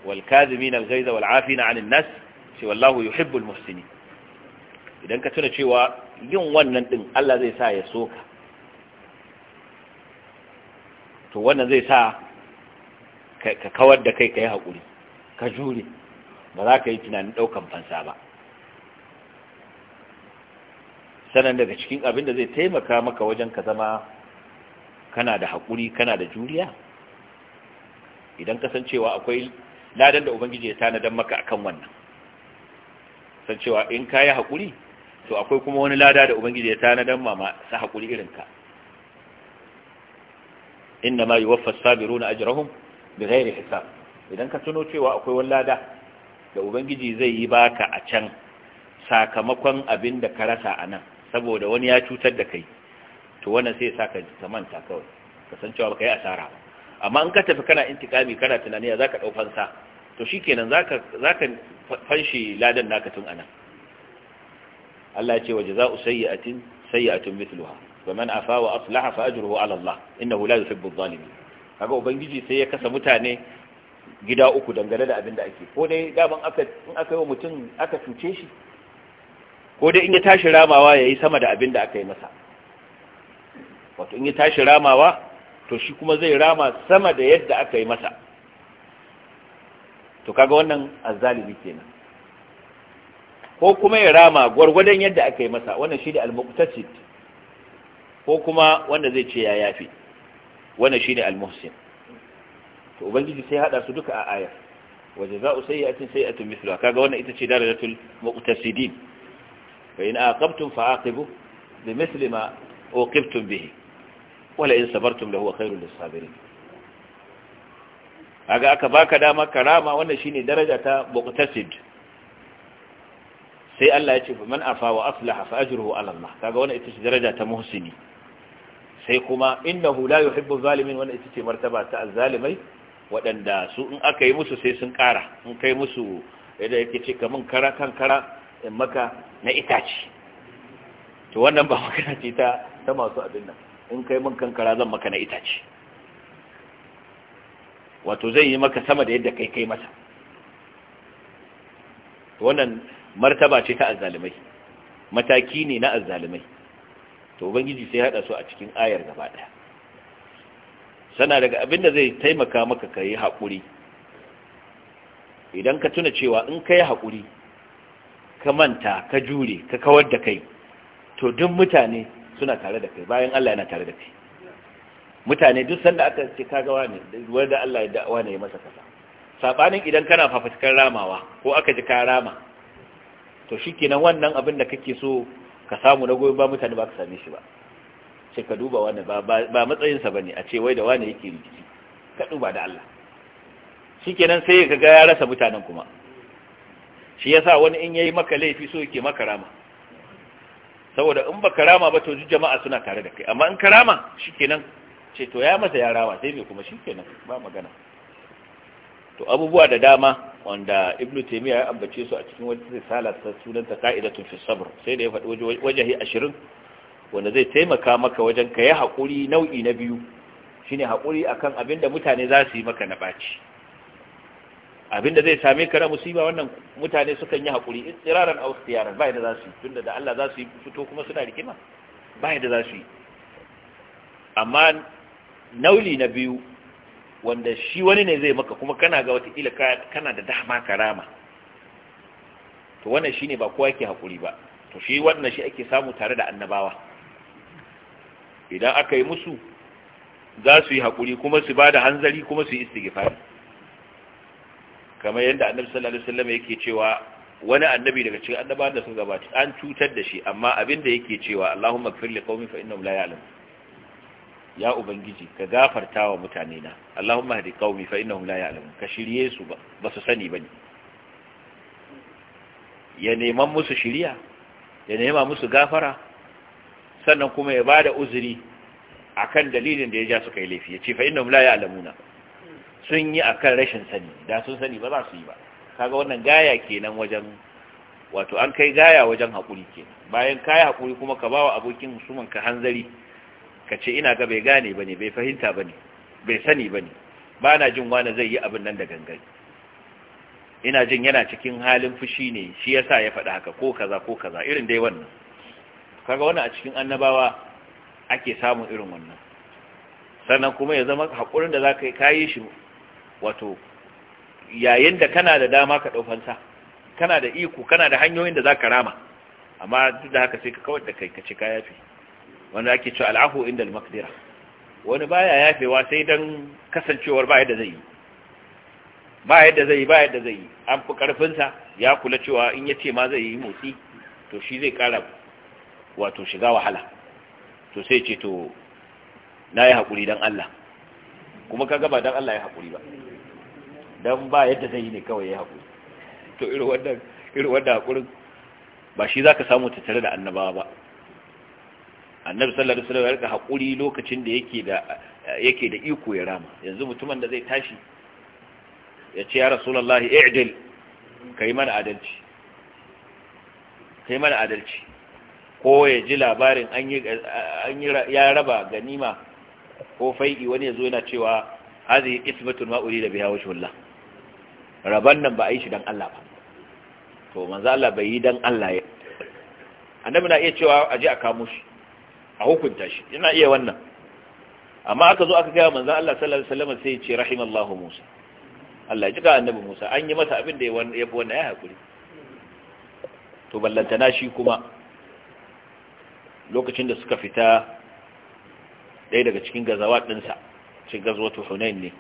wal kazimin al ghaiza wal afina 'anil nas ce wallahu idan ka tuna cewa yin wannan din Allah zai sa ya soka to wannan zai sa ka kawar da kai ka yi haƙuri ka jure ba za ka yi tunanin ɗaukan fansa ba sanan daga cikin abin da zai taimaka maka wajen ka zama kana da haƙuri kana da juriya idan kasancewa akwai ladan da ubangiji ya tanadan maka akan wannan san cewa in kayi hakuri to akwai kuma wani lada da ubangiji ya tanadan mama sa hakuri irin ka waffa yuwaffa as-sabiruna ajrahum bighairi hisab idan ka tuno cewa akwai wani lada da ubangiji zai yi baka a can sakamakon abin da ka rasa a nan saboda wani ya cutar da kai to wannan sai sa ka manta kawai kasancewa baka yi asara ba amma in ka tafi kana intikami kana tunani ya zaka dau fansa to kenan za zaka fanshi ladan naka tun anan Allah ya ce waje za'u sayyi'atin sayyi'atun mithluha wa man afa wa aslaha fa ajruhu 'ala Allah innahu la yuhibbu adh-dhalimin kaga ubangiji sai ya kasa mutane gida uku dangane da abin da ake ko dai daban aka in aka yi wa mutum aka cuce shi ko dai in ya tashi ramawa yayi sama da abin da aka yi masa wato in ya tashi ramawa to shi kuma zai rama sama da yadda aka yi masa to kaga wannan azzalimi kenan ko kuma ya rama gwargwadon yadda aka yi masa wannan shi ne almuqtasid ko kuma wanda zai ce ya yafi wannan shi ne almuhsin to ubangiji sai hada su duka a ayar za'u sai cin sai sayyi'atin tun mithluha kaga wannan ita ce darajatul muqtasidin fa in aqabtum fa'aqibu bimithli ma uqibtum bihi wala in sabartum lahu khairul sabirin aga aka baka dama karama wannan shine daraja ta muqtasid sai Allah ya ce man afa wa aflaha fa ajruhu ala Allah kaga wannan ita ce daraja ta muhsini sai kuma innahu la yuhibbu zalimin wannan ita ce martaba ta azzalimai waɗanda su in aka yi musu sai sun ƙara in kai musu yadda yake ce kamun kara kan kara in maka na itace to wannan ba magana ce ta ta masu abin nan in kai mun kankara zan maka na itace wato zai yi maka sama da yadda kai kai masa wannan martaba ce ta azzalumai. mataki ne na azzalumai. to ubangiji sai hada su a cikin ayar gaba daya sana daga abin da zai taimaka maka kai haƙuri idan ka tuna cewa in ka yi haƙuri ka manta ka jure ka kawar da kai to duk mutane suna tare da kai bayan Allah yana tare da kai mutane duk sanda aka ce kaga wani wanda Allah ya da'awa ne ya masa kasa sabanin idan kana fafutukar ramawa ko aka ji ka rama to shikenan wannan abin da kake so ka samu na goyon ba mutane ba ka same shi ba sai ka duba wani ba matsayinsa ba ne a ce wai da wani yake rikici ka duba da Allah shi sai ka ga ya rasa mutanen kuma shi yasa wani in yayi maka laifi so yake maka rama saboda in ba karama ba to jama'a suna tare da kai amma in karama shi kenan ce to ya mata yarawa sai mai kuma shi kenan ba magana to abubuwa da dama wanda ibnu taymiya ya ambace su a cikin wata risala ta sunanta qa'idatun fi sabr sai da ya faɗi wajahi 20 wanda zai taimaka maka wajen ka yi haƙuri nau'i na biyu shine haƙuri akan abin da mutane za su yi maka na ɓaci abin da zai same ka na musiba wannan mutane sukan yi haƙuri istiraran aw istiyaran bai da za su yi tunda da Allah za su yi fito kuma suna rikima bai da za su yi amma nauli na biyu wanda shi wani ne zai maka kuma kana ga watakila kana da dama karama to wannan shi ba kowa ke haƙuri ba to shi wannan shi ake samu tare da annabawa idan aka yi musu za su yi haƙuri kuma su ba da hanzari kuma su yi istighfari kamar yadda annabi sallallahu alaihi wasallam yake cewa wani annabi daga cikin annabawan da sun gabata an cutar da shi amma abin da yake cewa Allahumma firli li qaumi fa innahum la ya'lamun ya ubangiji ka gafarta wa mutane na Allahumma hadi qaumi fa innahum la ya'lamun ka shirye su ba su sani bane ya neman musu shiriya ya nema musu gafara sannan kuma ya bada uzuri akan dalilin da ya ja su kai laifi ya ce fa innahum la ya'lamuna sun yi akan rashin sani da sun sani ba za su yi ba kaga wannan gaya kenan wajen wato an kai gaya wajen hakuri kenan bayan kai hakuri kuma ka bawa abokin musumin ka hanzari ka ce ina ga bai gane ba ne bai fahimta ba ne bai sani ba ne ba na jin wane zai yi abin nan da gangan ina jin yana cikin halin fushi ne shi ya sa ya faɗi haka ko kaza ko kaza irin dai wannan kaga wannan a cikin annabawa ake samun irin wannan sannan kuma ya zama haƙurin da za ka kayi shi wato yayin da kana da dama ka ɗaufansa kana da iko kana da hanyoyin da za ka rama amma duk da haka sai ka kawar da kai ka ci ka yafi wanda ake cewa al'afu inda al-maqdira wani baya yafewa sai dan kasancewar ba yadda zai yi ba yadda zai yi ba yadda zai yi an fi karfin sa ya kula cewa in yace ma zai yi motsi to shi zai kara wato shiga wahala to sai ce to nayi hakuri dan Allah kuma kaga ba dan Allah ya hakuri ba dan ba yadda zai yi ne kawai ya hakuri to irin wannan irin wannan hakurin ba shi zaka samu tattare da annabawa ba annabi sallallahu alaihi wasallam ya rika hakuri lokacin da yake da yake da iko ya rama yanzu mutumin da zai tashi ya ce ya rasulullahi i'dil kai mana adalci kai mana adalci ko ya ji labarin an yi an yi ya raba ganima ko fai'i wani yazo yana cewa hazi ismatun ma da biha wajhullah raban nan ba a yi shi dan Allah ba to manzo Allah bai yi dan Allah ya annabi na iya cewa aje a kamo shi a hukunta shi yana iya wannan amma aka zo aka gaya manzo Allah sallallahu alaihi wasallam sai ya ce rahimallahu Musa Allah ya jika annabi Musa an yi masa abin da ya fi wannan ya hakuri to ballantana shi kuma lokacin da suka fita ɗaya daga cikin gazawa ɗinsa cikin gazawa to hunain ne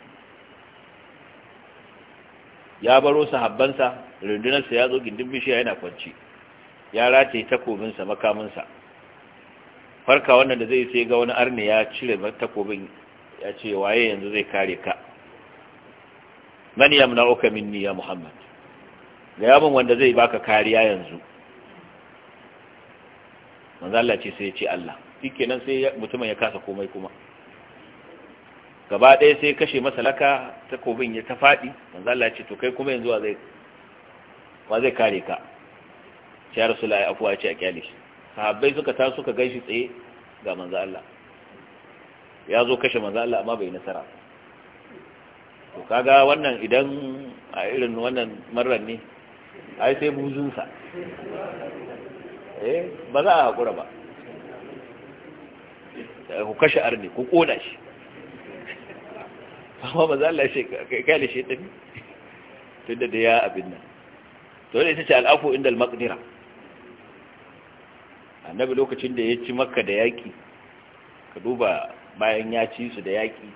ya baro sahabbansa rundunarsa ya zo gindin bishiya yana kwanci ya rataye takobinsa makaminsa farka wannan da zai sai ga wani arne ya cire takobin ya ce waye yanzu zai kare ka man yamna'uka minni ya muhammad ga yamin wanda zai baka kariya yanzu manzo Allah ce sai ya ce Allah nan sai mutumin ya kasa komai kuma gaba ɗaya sai kashe masalaka takobin ya ta faɗi manzo Allah ce to kai kuma yanzu wa zai wa zai kare ka ya rasulullahi afuwa ya ce a kyale shi sahabbai suka ta suka gaishi tsaye ga manzo Allah ya zo kashe manzo Allah amma bai nasara to kaga wannan idan a irin wannan marar ne ai sai buzunsa eh ba za a hakura ba ku kashe arni ku koda shi amma manzo Allah shi kai shi tafi tunda da ya abin nan to ne sai ce al'afu inda al-maqdira annabi lokacin da ya ci makka da yaƙi ka duba bayan ya ci su da yaƙi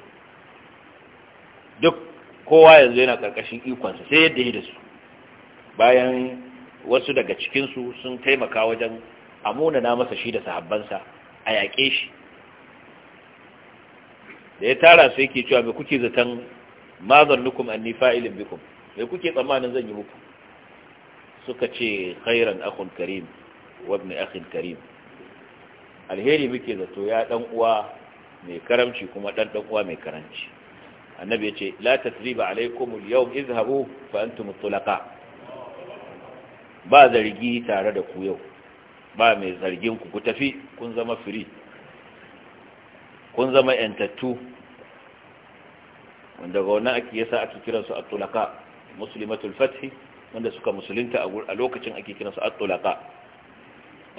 duk kowa yanzu yana ƙarƙashin ikonsa sai yadda yi da su bayan wasu daga cikinsu sun taimaka wajen amuna na masa shi da sahabbansa a yaƙe shi da ya tara su yake cewa mai kuke zaton mazan nukum anni fa'ilin bikum mai kuke tsammanin zan yi muku suka ce khairan akun karim wabni akhin karim alheri muke zato ya dan uwa mai karamci kuma dan dan uwa mai karanci annabi yace la tasriba alaikum alyawm izhabu fa antum tulqa ba zargi tare da ku yau ba mai zargin ku ku tafi kun zama free kun zama yantattu wanda ga wannan ake yasa ake kiransu at-tulaqa muslimatul fath wanda suka musulunta a lokacin ake kiransu at-tulaqa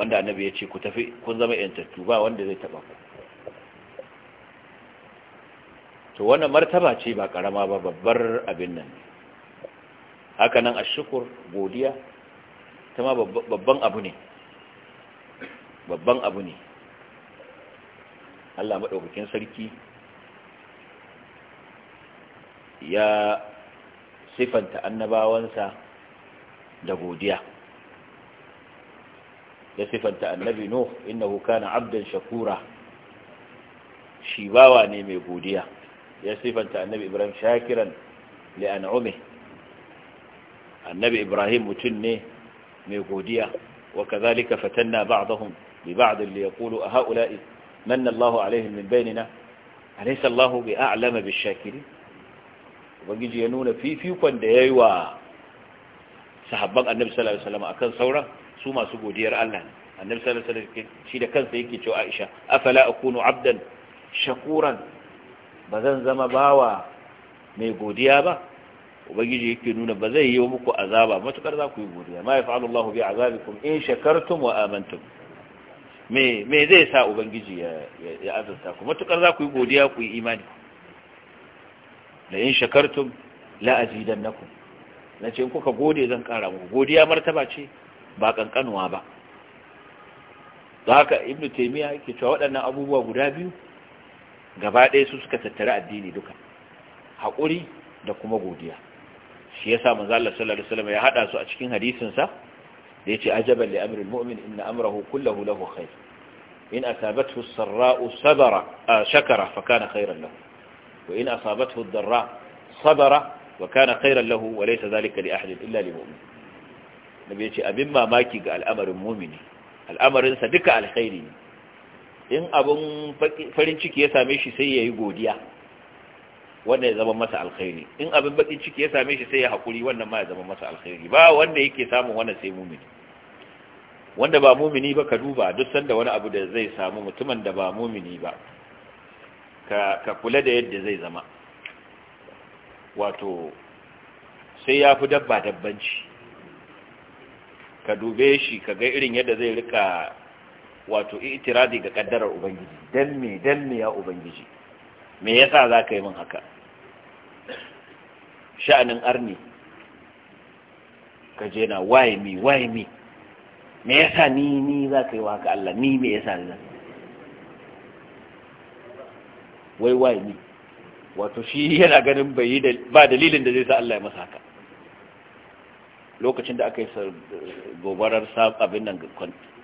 wanda annabi ya ce ku tafi kun zama yantattu ba wanda zai taba ku to wannan martaba ce ba karama ba babbar abin nan haka nan ashukur godiya ta ma babban abu ne babban abu ne Allah maɗaukakin sarki ya sifanta annabawansa da godiya لصفة النبي نوح إنه كان عبدا شكورا شباوة نيمي بودية لصفة النبي إبراهيم شاكرا لأنعمه النبي إبراهيم متني ميقودية وكذلك فتنا بعضهم ببعض اللي يقولوا أهؤلاء من الله عليهم من بيننا أليس الله بأعلم بالشاكرين وقال ينون في فيكم ديوا صحبك النبي صلى الله عليه وسلم أكن صورة su masu godiyar Allah ne annabi sallallahu alaihi wasallam shi da kansa yake cewa Aisha afala akunu abdan shakuran bazan zama bawa mai godiya ba ubangiji yake nuna ba zai yi muku azaba matukar za ku yi godiya ma yafa'alu Allah bi azabikum in shakartum wa amantum me me zai sa ubangiji ya azanta ku matukar za ku yi godiya ku yi imani la in shakartum la azidannakum nace in kuka gode zan kara muku godiya martaba ce ba kankanuwa ba Za ka, Ibn taimiyya ke cewa waɗannan abubuwa guda biyu gaba ɗaya su suka tattara addini duka haƙuri da kuma godiya shi ya sa Allah sallallahu alaihi wasallam ya haɗa su a cikin hadisin Ya ce yace ajaban li amri almu'min inna amrahu kulluhu lahu khair in asabathu as-sarra'u shakara fa kana khairan lahu wa in asabathu ad-darra sabara wa kana khairan lahu wa laysa dhalika li ahadin illa lil mu'min nabi ya ce abin mamaki ga al'amarin mumini al'amarinsa duka alkhairi ne in abin farin ciki ya same shi sai ya yi godiya wanda ya zama masa alkhairi in abin bakin ciki ya same shi sai ya haƙuri wannan ma ya zama masa alkhairi ba wanda yake samun wannan sai mumini wanda ba mumini ba ka duba duk sanda wani abu da zai samu mutumin da ba mumini ba ka kula da yadda zai zama wato sai ya fi dabba dabbanci ka dube shi ka ga irin yadda zai rika wato itiradi ga kaddarar ubangiji dan me dan me ya ubangiji me yasa za ka yi min haka sha'anin arni ka je na why me why me me yasa ni ni za ka yi wa haka Allah ni me yasa ni wai why me wato shi yana ganin bai ba dalilin da zai sa Allah ya masa haka lokacin da aka yi gobarar abin nan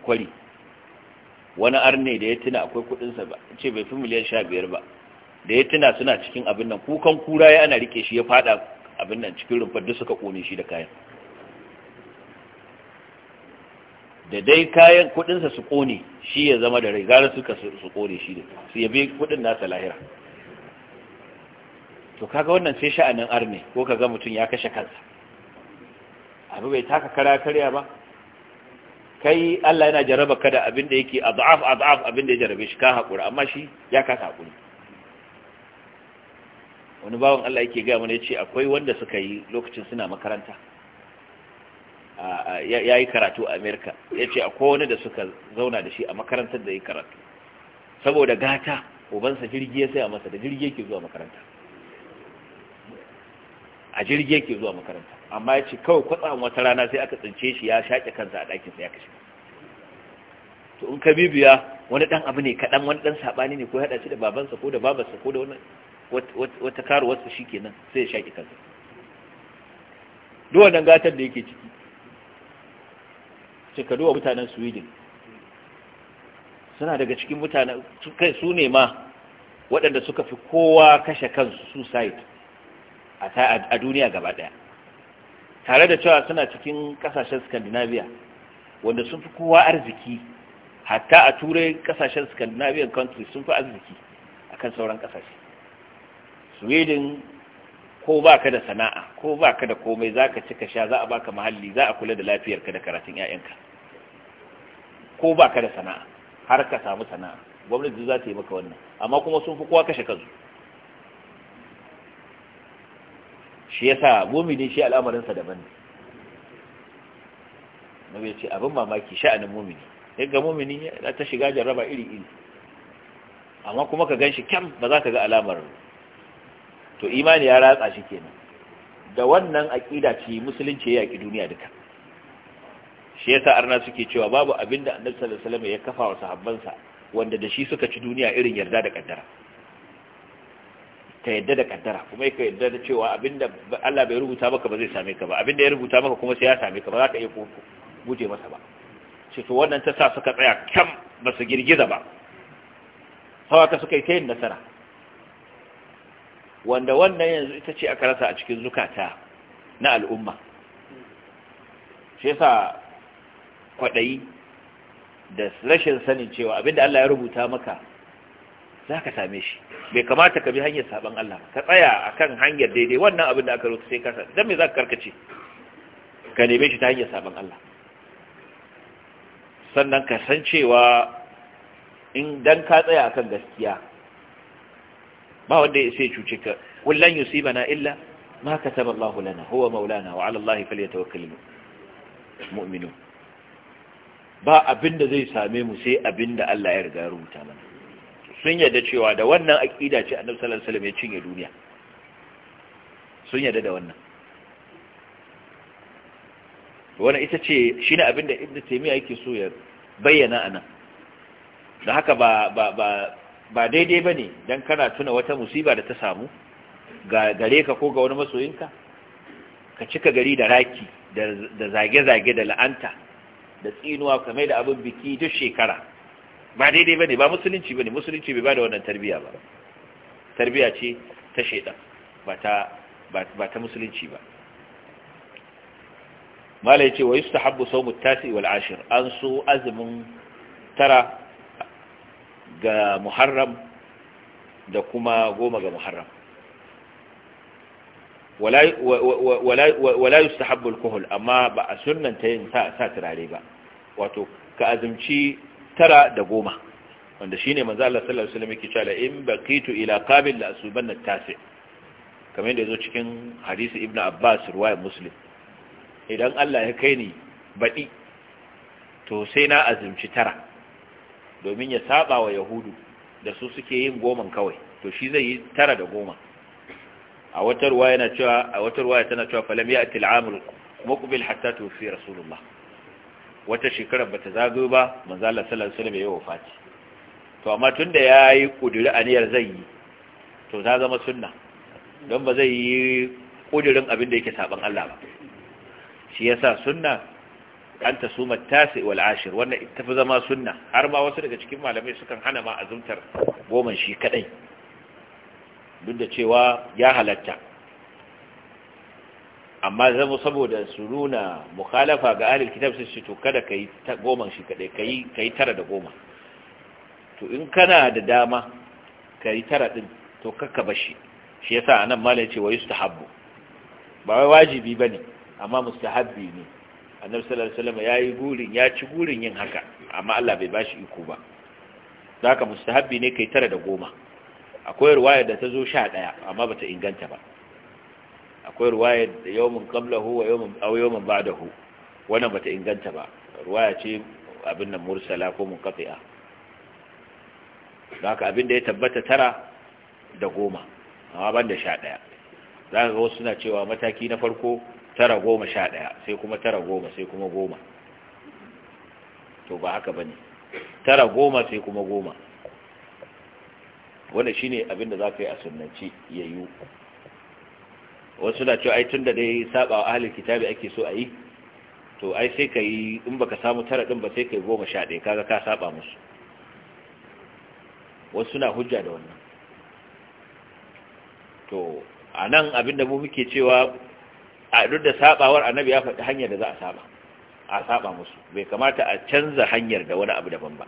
kwari wani arne da ya tuna akwai kudinsa ba ce bai fi miliyan sha biyar ba da ya tuna suna cikin abin nan kukan kura ya ana rike shi ya fada abin nan cikin rumfar duk suka kone shi da kayan da dai kayan kudinsa su kone shi ya zama da rai gara suka su kone shi da su yabe kudin nasa lahira to kaga wannan sai sha'anin arne ko kaga mutum ya kashe kansa abu bai taka kara karya ba kai Allah yana jaraba ka da abin da yake azaf azaf abin da ya jarabe shi ka haƙura amma shi ya kasa haƙuri wani bawan Allah yake gaya mana yace akwai wanda suka yi lokacin suna makaranta ya yi karatu a Amerika yace akwai wani da suka zauna da shi a makarantar da ya karatu saboda gata ubansa jirgi ya saya masa da jirgi yake zuwa makaranta a jirgi yake zuwa makaranta amma ya ce kawai kwatsan wata rana sai aka tsince shi ya shaƙe kansa a ɗakin sai aka shiga to in ka bibiya wani ɗan abu ne kaɗan wani ɗan saɓani ne ko haɗa shi da babansa ko da babarsa ko da wani wata karuwarsa shi kenan sai ya shaƙe kansa duwannan gatar da yake ciki shekaru a mutanen sweden suna daga cikin mutanen kai su ne ma waɗanda suka fi kowa kashe kansu suicide a duniya gaba ɗaya tare da cewa suna cikin kasashen Scandinavia wanda sun fi kowa arziki hatta a turai kasashen Scandinavian country sun fi arziki akan sauran kasashe Sweden ko baka da sana'a ko baka da komai zaka ci ka sha za a baka muhalli za a kula da lafiyarka da karatun 'ya'yanka ko baka da sana'a har ka samu sana'a gwamnati za ta yi maka wannan amma kuma sun fi kowa kashe kansu shi ya sa mumini shi al'amarinsa daban ne bai ce abin mamaki sha'anin mumini ga mumini na ta shiga jarraba iri iri amma kuma ka gan shi kyam ba za ka ga alamar to imani ya ratsa shi kenan da wannan aƙida ce musulunci ya yaƙi duniya duka shi ya sa arna suke cewa babu abin da annabi sallallahu alaihi ya kafa wa sahabbansa wanda da shi suka ci duniya irin yarda da ƙaddara. ka yadda da kaddara kuma ka yadda da cewa abinda Allah bai rubuta maka ba zai same ka ba abinda ya rubuta maka kuma sai ya same ka ba za ka iya guje masa ba ce to wannan ta sa suka tsaya kam ba su girgiza ba ka suka yi ta yin nasara wanda wannan yanzu ita ce aka rasa a cikin zukata na al'umma shi yasa kwaɗayi da rashin sanin cewa abinda Allah ya rubuta maka za ka same shi bai kamata ka bi hanyar saban Allah ka tsaya akan hanyar daidai wannan abin da aka rubuta sai ka san dan me za ka karkace ka neme shi ta hanyar saban Allah sannan ka san cewa in ka tsaya akan gaskiya ba wanda ya sai cuce ka wallan yusibana illa ma kataba Allah lana huwa maulana wa ala Allah falyatawakkalul mu'minun ba da zai same mu sai abin da Allah ya riga ya rubuta mana sun yarda cewa da wannan aƙida ce annabi sallallahu alaihi wasallam ya cinye duniya sun yarda da wannan wannan ita ce shine abinda ibnu taymiya yake so ya bayyana anan da haka ba ba ba ba daidai bane dan kana tuna wata musiba da ta samu ga gare ka ko ga wani masoyinka ka cika gari da raki da zage-zage da la'anta da tsinuwa kamar da abin biki duk shekara ba daidai ba ne ba musulunci ba ne musulunci bai bada wannan tarbiya ba tarbiya ce ta sheda ba ta musulunci ba mala ce wa yustahabbu sawmu at-tasi wal ashir an so azumin tara ga muharram da kuma goma ga muharram wala yustahabbu habu alkohol amma ba a sunanta yin sa turare ba wato ka azumci tara da goma wanda shine manzo Allah sallallahu alaihi wasallam yake cewa in baqitu ila qabil la asubanna tasi kamar yadda yazo cikin hadisi ibnu abbas riwayat muslim idan Allah ya kai ni baɗi to sai na azumci tara domin ya saba wa yahudu da su suke yin goman kawai to shi zai yi tara da goma a wata ruwa yana cewa a wata ruwa tana cewa falam ya'ti al-amru muqbil hatta tufi rasulullah wata shekarar bata zagayo ba manzo Allah sallallahu alaihi wasallam ya wafati to amma tunda yayi kudiri aniyar zai yi to ta zama sunna don ba zai yi kudirin abin da yake saban Allah ba shi yasa sunna an ta suma tasi wal ashir wannan ita fi zama sunna har ma wasu daga cikin malamai sukan hana ma azumtar goma shi kadai duk da cewa ya halatta amma zama saboda su nuna mukhalafa ga ahlul kitab sai su to kada kai goma shi kadai kai kai tara da goma to in kana da dama kai tara din to kakka bashi shi yasa anan malai ce wa yustahabbu ba wai wajibi bane amma mustahabbi ne annabi sallallahu alaihi wasallam yayi gurin ya ci gurin yin haka amma Allah bai bashi iko ba zaka mustahabbi ne kai tara da goma akwai ruwaya da ta zo sha ɗaya amma bata inganta ba akwai ruwaya da yawmin qablahu wa yawmin aw hu. ba'dahu wannan bata inganta ba ruwaya ce abin da mursala ko mun munqati'a ka abin da ya tabbata tara da goma amma banda sha ɗaya za ga wasu suna cewa mataki na farko tara goma sha ɗaya sai kuma tara goma sai kuma goma to ba haka ba ne tara goma sai kuma goma wanda shi ne da za ka yi a sunanci ya wasu na cewa ai tunda dai saba wa kitabi ake so a yi to ai sai ka yi in baka samu tara din ba sai ka yi goma sha ɗaya kaga ka saba musu wasu na hujja da wannan to a nan abinda mu muke cewa a duk da sabawar annabi ya faɗi hanyar da za a saba a saba musu bai kamata a canza hanyar da wani abu daban ba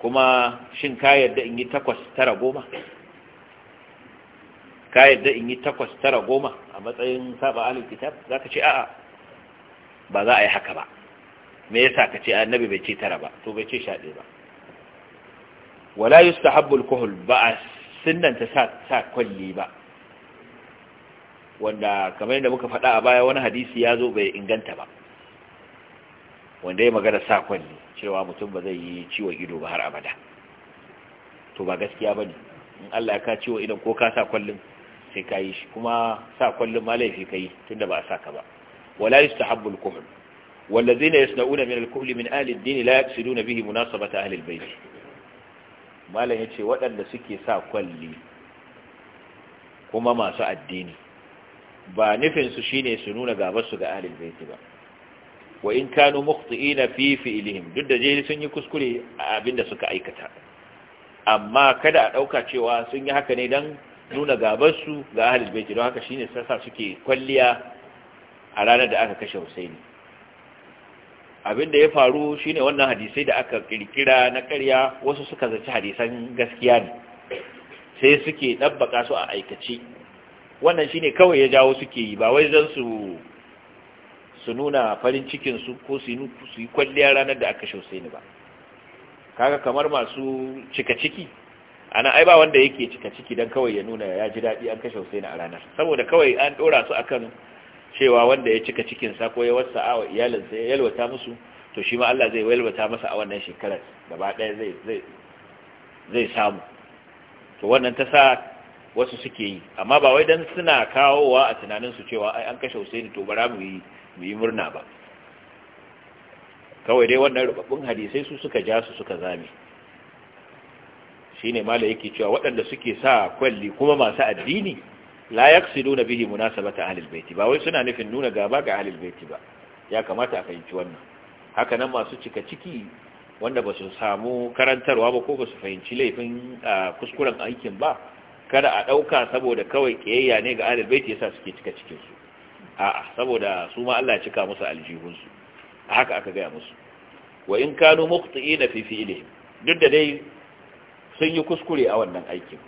kuma shin ka yarda in yi takwas tara goma ka yadda in yi takwas tara goma a matsayin saba ahlul kitab za ka ce a'a ba za a yi haka ba me yasa ka ce annabi bai ce tara ba to bai ce sha ba wala yustahabbul kuhul ba a sunnanta sa kwalli ba wanda kamar yadda muka faɗa a baya wani hadisi ya zo bai inganta ba wanda ya magana sa kwalli cewa mutum ba zai yi ciwon ido ba har abada to ba gaskiya ba ne in Allah ya ka ciwo idan ko ka sa kwallin sai ka yi shi kuma sa kwallon ma laifi ka yi tunda ba a sa ka ba wala yustahabbu al-kuhl min al من min من اهل الدين لا bihi به مناسبه اهل البيت malam yace waɗanda suke sa kwalli kuma masu addini ba nufin su shine su nuna gabar su ga ahlul ba wa in kanu mukhti'ina fi fi'lihim duk da jeli sun yi kuskure a abinda suka aikata amma kada a ɗauka cewa sun yi haka ne dan nuna gabansu ga ahlul baiti don haka shine sassa suke kwalliya a ranar da aka kashe Husaini abin da ya faru shine wannan hadisai da aka kirkira na karya wasu suka zaci hadisan gaskiya ne sai suke ɗabbaka su a aikace wannan shine kawai ya jawo suke yi ba wai zan su nuna farin cikinsu ko su yi kwalliya ranar da aka kashe Husaini ba kaga kamar masu cika ciki ana ai ba wanda yake cika ciki dan kawai ya nuna ya ji dadi an kashe Husaini a ranar saboda kawai an dora su akan cewa wanda ya cika cikin sa ko ya wasa a iyalinsa ya yalwata musu to shi ma Allah zai yalwata masa a wannan shekarar gaba ɗaya zai zai zai samu to wannan ta sa wasu suke yi amma ba wai dan suna kawowa a tunanin su cewa ai an kashe Husaini to bara mu yi mu yi murna ba kawai dai wannan rubabbun hadisai su suka ja su suka zame Shi ne mala yake cewa waɗanda suke sa kwalli kuma masu addini la nuna bihi munasabata ta halibaiti ba wai suna nufin nuna gaba ga ahlil ba ya kamata a fahimci wannan haka nan masu cika ciki wanda ba su samu karantarwa ba ko ba su fahimci laifin kuskuren aikin ba kada a ɗauka saboda kawai ƙiyayya ne ga ahlil ya sa suke cika cikin su a'a saboda su ma Allah ya cika musu aljihunsu haka aka gaya musu wa in kanu muqti'ina fi fi'ilihim duk da dai sun yi kuskure a wannan aikin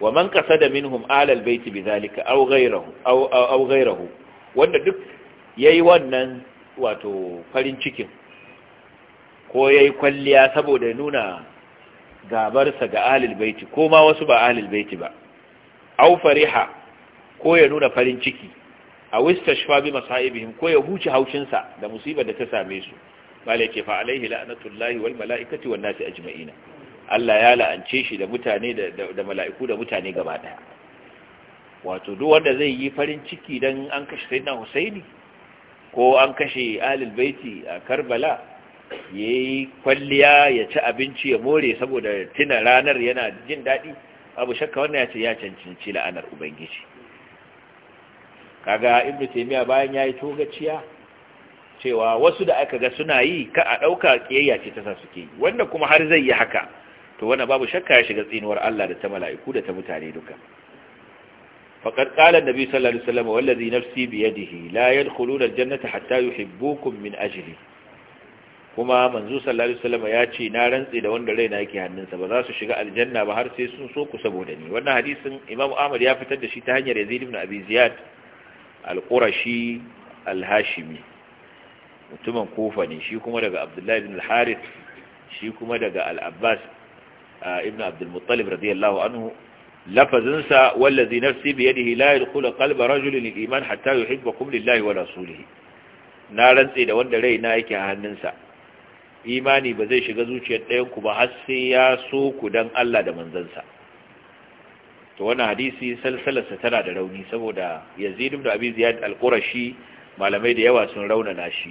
wa man da minhum alal baiti bidhalika aw ghayrahu aw aw ghayrahu wanda duk yayi wannan wato farin cikin ko yayi kwalliya saboda nuna gabarsa ga ahlul baiti ko ma wasu ba ahlul baiti ba aw fariha ko ya nuna farin ciki a wistashfa bi masaibihim ko ya huce sa da musibar da ta same su bale ce fa alaihi la'natullahi wal mala'ikati wan nasi ajma'ina Allah ya la'ance shi da mutane da mala'iku da mutane gaba daya wato duk wanda zai yi farin ciki dan an kashe sayyidina Husaini ko an kashe Ahlul Baiti a Karbala yayi kwalliya ya ci abinci ya more saboda tuna ranar yana jin dadi abu shakka wannan ya ce ya cancanci la'anar ubangiji kaga Ibn Taymiyyah bayan yayi togaciya cewa wasu da aka ga suna yi ka a ɗauka kiyayya ce ta sa suke wanda kuma har zai yi haka to wannan babu shakka ya shiga tsinuwar Allah da ta mala'iku da ta mutane duka faqad qala annabi sallallahu alaihi wasallam wallazi nafsi bi yadihi la yadkhuluna aljannata hatta yuhibbukum min ajli kuma manzo sallallahu alaihi wasallam ya ce na rantsi da wanda raina yake hannunsa ba za su shiga aljanna ba har sai sun so ku saboda ni wannan hadisin Imam Ahmad ya fitar da shi ta hanyar Yazid ibn Abi Ziyad al-Qurashi al-Hashimi mutumin Kufa ne shi kuma daga Abdullahi ibn al-Harith shi kuma daga al-Abbas ibn abdul muttalib radiyallahu anhu lafazinsa wallazi nafsi bi yadihi la yadkhulu qalba rajulin lil iman hatta yuhibbakum lillahi wa rasulihi na rantse da wanda raina yake a hannunsa imani ba zai shiga zuciyar ɗayan ku ba har sai ya so ku dan Allah da manzansa to wannan hadisi salsalarsa tana da rauni saboda Yazid ibn Abi Ziyad al-Qurashi malamai da yawa sun raunana shi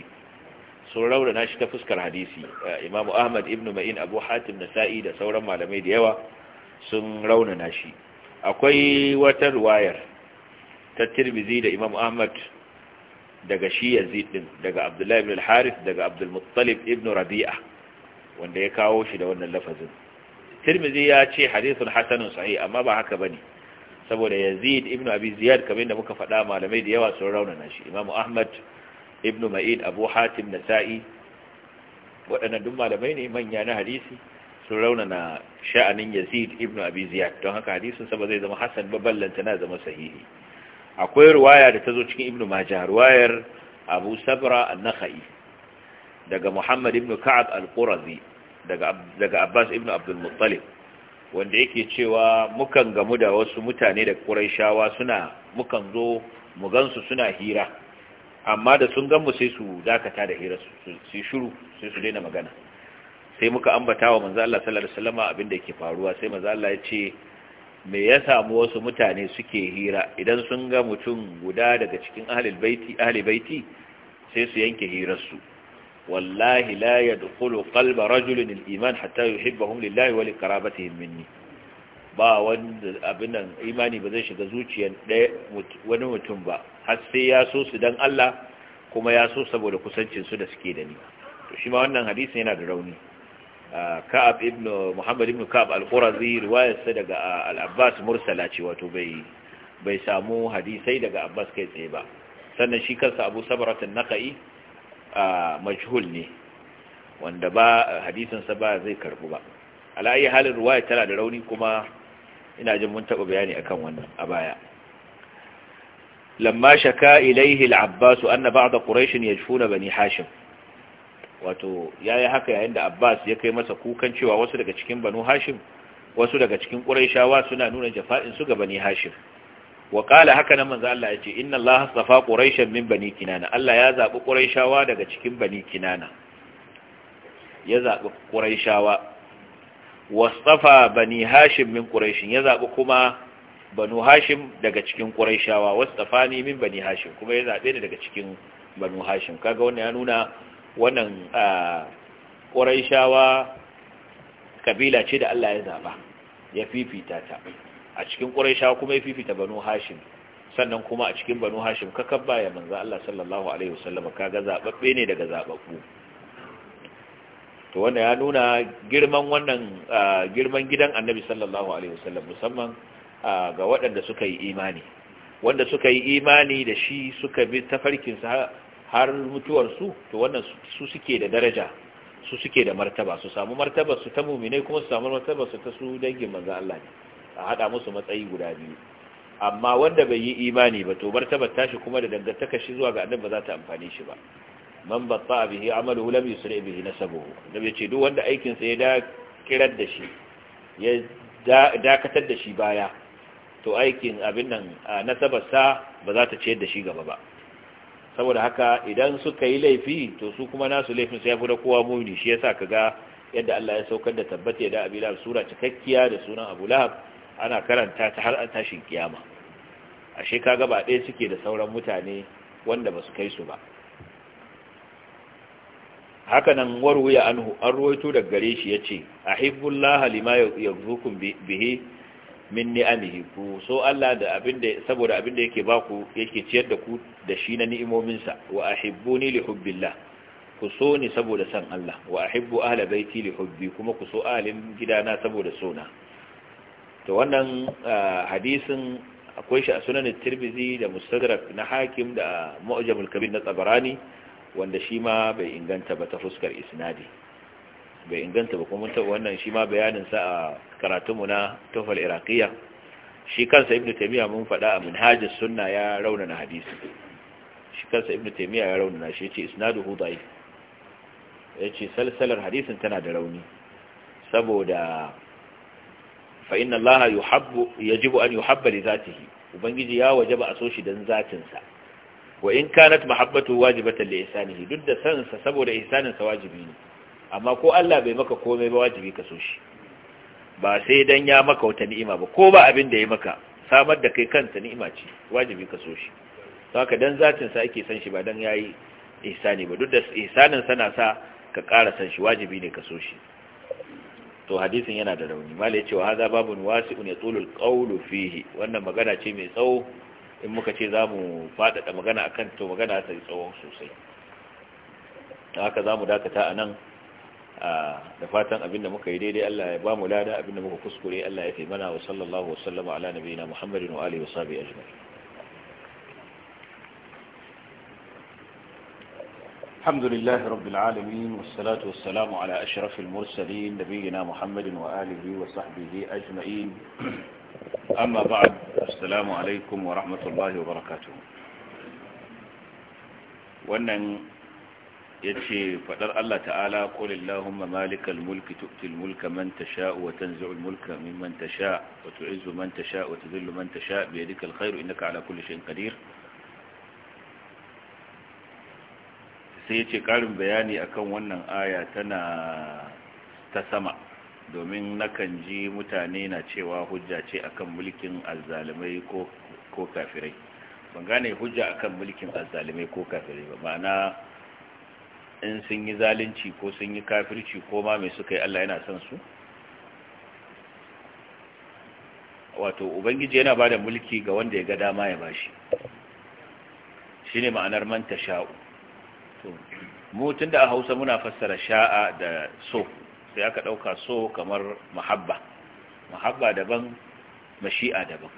sun raunana shi ta fuskar hadisi eh, imamu ahmad ibn ma'in abu hatim nasa'i da sauran malamai da yawa sun raunana shi akwai wata ruwayar ta tirmizi da imam ahmad daga shi yazid din daga abdullahi ibn al-harith daga abdul muttalib ibn rabi'a wanda ya kawo shi da wannan lafazin tirmizi ya ce hadithun hasanun sahih amma ba haka bane saboda yazid ibn abi ziyad kamar da muka faɗa malamai da yawa sun raunana shi imam ahmad ibn Ma'id abu hatim nasa'i waɗannan duk malamai ne manya na hadisi sun raunana sha'anin yazid ibn abi ziyad don haka hadisin sa ba zai zama hasan ba ballanta na zama sahihi akwai ruwaya da ta zo cikin ibn majah ruwayar abu sabra an-nakhai daga muhammad ibn ka'ab al-qurazi daga daga abbas ibn abdul muttalib wanda yake cewa mukan gamu da wasu mutane da quraishawa suna mukan zo mu gansu suna hira amma da sun gan mu sai su dakata da hira su shiru sai su daina magana sai muka ambata wa manzo Allah sallallahu alaihi wasallam abin da yake faruwa sai manzo Allah ya ce me ya samu wasu mutane suke hira idan sun ga mutum guda daga cikin ahlul baiti ahli baiti sai su yanke hirar su wallahi la yadkhulu qalba rajulin al-iman hatta yuhibbahum lillahi wa liqarabatihim minni ba wanda abin nan imani ba zai shiga zuciyar wani mutum ba har sai ya so su dan Allah kuma ya so saboda kusancin su da suke da ni to shi ma wannan hadisi yana da rauni Ka'ab ibn Muhammad ibn Ka'ab al-Qurazi riwayar daga al-Abbas mursala ce wato bai bai samu hadisai daga Abbas kai tsaye ba sannan shi kansa Abu Sabrat an naqai majhul ne wanda ba hadisin sa ba zai karbu ba ala ayi halin ruwaya tana da rauni kuma ina jin mun taɓa bayani akan wannan a baya lamma shaka ilaihi al-abbas da ƙuraishin ya yajfuna bani hashim wato yayi haka yayin da abbas ya kai masa kukan cewa wasu daga cikin banu hashim wasu daga cikin ƙuraishawa suna nuna jafa'in su ga bani hashim wa haka nan manzo Allah ya ce inna Allah safa min bani kinana Allah ya zaɓi quraishawa daga cikin bani kinana ya zabi quraishawa wasafa bani hashim min ƙurashin ya zabi kuma banu hashim daga cikin quraishawa wasafani min bani hashim kuma ya zabe ni daga cikin banu hashim kaga wannan ya nuna wannan quraishawa kabila ce da Allah ya zaba ya fifita ta a cikin quraishawa kuma ya fifita banu hashim sannan kuma a cikin banu hashim kakabba ya manzo Allah sallallahu alaihi wasallam kaga zababbe ne daga zababbu to wanda ya nuna girman wannan girman gidan annabi sallallahu alaihi wasallam musamman ga waɗanda suka yi imani wanda suka yi imani da shi suka bi tafarkinsa har mutuwarsu to wannan su suke da daraja su suke da martaba su samu martaba su ta mumine kuma su samu martaba su ta su dangin manzo Allah ne a hada musu matsayi guda biyu amma wanda bai yi imani ba to martabar tashi kuma da dangantaka shi zuwa ga annabi ba za ta amfane shi ba man batta bihi amaluhu lam yusri bihi nasabuhu da yace duk wanda aikin sa ya da kirar da shi ya dakatar da shi baya to aikin abin nan nasabar sa ba za ta ciyar da shi gaba ba saboda haka idan suka yi laifi to su kuma nasu laifin sai ya fi kowa muni shi yasa kaga yadda Allah ya saukar da tabbata da Abi Lahab sura cikakkiya da sunan Abu Lahab ana karanta ta har an tashin kiyama ashe kaga ba ɗaya suke da sauran mutane wanda ba su kai su ba haka nan warwaya anhu an ruwaito daga gare shi yace ahibbullah lima yaghzukum bihi min ni'amihi ku so Allah da abinda saboda abinda yake baku yake ciyar da ku da shi na ni'imomin sa wa ahibbuni li hubbillah ku so ni saboda san Allah wa ahibbu ahla baiti li hubbi kuma ku so alin gidana saboda sona to wannan hadisin akwai shi a sunan tirbizi da mustadrak na hakim da mu'jamul kabir na tabarani wanda shi ma bai inganta ba ta fuskar isnadi bai inganta ba kuma wannan shi ma bayaninsa a karatunmu na tufal iraqiya shi kansa ibnu taymiya mun faɗa a minhajus sunna ya raunana hadisi shi kansa ibnu taymiya ya raunana shi yace isnaduhu dhaif yace salsalar hadisin tana da rauni saboda fa inna allaha yuhibbu yajibu an yuhabba li zatihi ubangiji ya wajaba a so shi dan zatin sa wa in kanat mahabbatu wajibatan li ihsanihi duk da san sa saboda ihsanin sa wajibi ne amma ko Allah bai maka komai ba wajibi ka so shi ba sai dan ya maka wata ni'ima ba ko ba abin da ya maka samar da kai kanta ni'ima ce wajibi ka so shi saboda dan zatin sa ake san shi ba dan yayi ihsani ba duk da ihsanin sa na sa ka ƙara san shi wajibi ne ka so shi to hadisin yana da rauni mala yace wa hadha babun wasi'un yatulul qawlu fihi wannan magana ce mai tsawo in muka ce za mu faɗaɗa magana a kan to magana ta yi tsawon sosai ta haka za mu dakata a nan da fatan abinda muka yi daidai Allah ya ba mu lada abinda muka kuskure Allah ya fi mana wa sallallahu wa wasallama ala nabiyina muhammadin wa alihi wa sahbihi ajma'in الحمد لله رب العالمين والصلاة والسلام على أشرف muhammadin wa محمد وآله وصحبه أجمعين أما بعد assalamu alaikum wa rahmatullahi wa barakatuh wannan ya ce faɗar Allah ta'ala ƙulillahumma malikal mulki tuktil mulka man tasha wa tanzi'ul mulka ta tasha wa tu'izzu man tasha wa tudhillu man tasha bi yadikal khairu ka ala kulle shay'in qadir sai ce ƙarin bayani akan wannan aya tana ta sama domin nakan ji mutane na cewa hujja ce akan mulkin alzalimai ko kafirai ban gane hujja akan mulkin alzalimai ko kafirai ba ma'ana in sun yi zalunci ko sun yi kafirci ko ma mai suka yi Allah yana son su wato ubangiji yana ba da mulki ga wanda ya ga dama ya bashi shine ma'anar manta sha'u. to mu tunda a Hausa muna fassara sha'a da so sai aka ɗauka so kamar mahabba mahabba daban mashi'a daban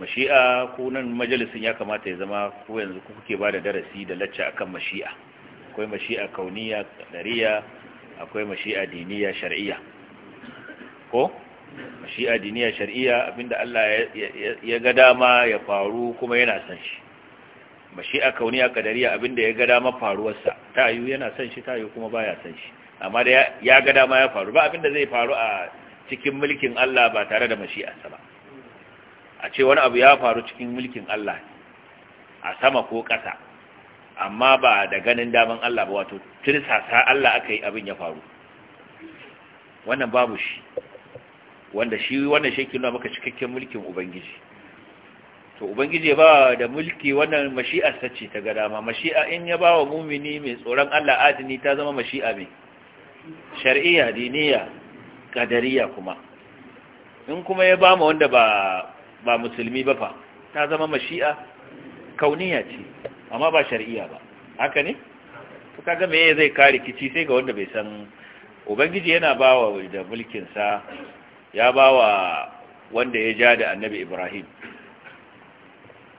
mashi'a ko nan majalisin ya kamata ya zama ko yanzu kuke ba da darasi da lacca akan mashi'a akwai mashi'a kauniya dariya akwai mashi'a diniya shar'iyya ko mashi'a diniya shar'iyya abinda Allah ya ga dama ya faru kuma yana son shi mashi'a kauniya kadariya abinda ya ga dama faruwarsa ta yiwu yana son shi ta yiwu kuma baya son shi amma da ya ga dama ya faru ba abinda zai faru a cikin mulkin Allah ba tare da mashi'arsa ba a ce wani abu ya faru cikin mulkin Allah a sama ko ƙasa amma ba da ganin daman Allah ba wato tirsasa Allah aka yi abin ya faru wannan babu shi wanda shi wannan shi nuna maka cikakken mulkin ubangiji to ubangiji ba da mulki wannan mashi'ar sace ta ga dama mashi'a in ya ba wa mumini mai tsoron Allah adini ta zama mashi'a mai shari'a, diniya kadariya kuma in kuma ya ba wanda ba ba musulmi ba fa ta zama mashi'a kauniya ce amma ba shar'iyya ba haka ne to kaga me zai kare kici sai ga wanda bai san ubangiji yana bawa da mulkin sa ya bawa wanda ya ja da annabi ibrahim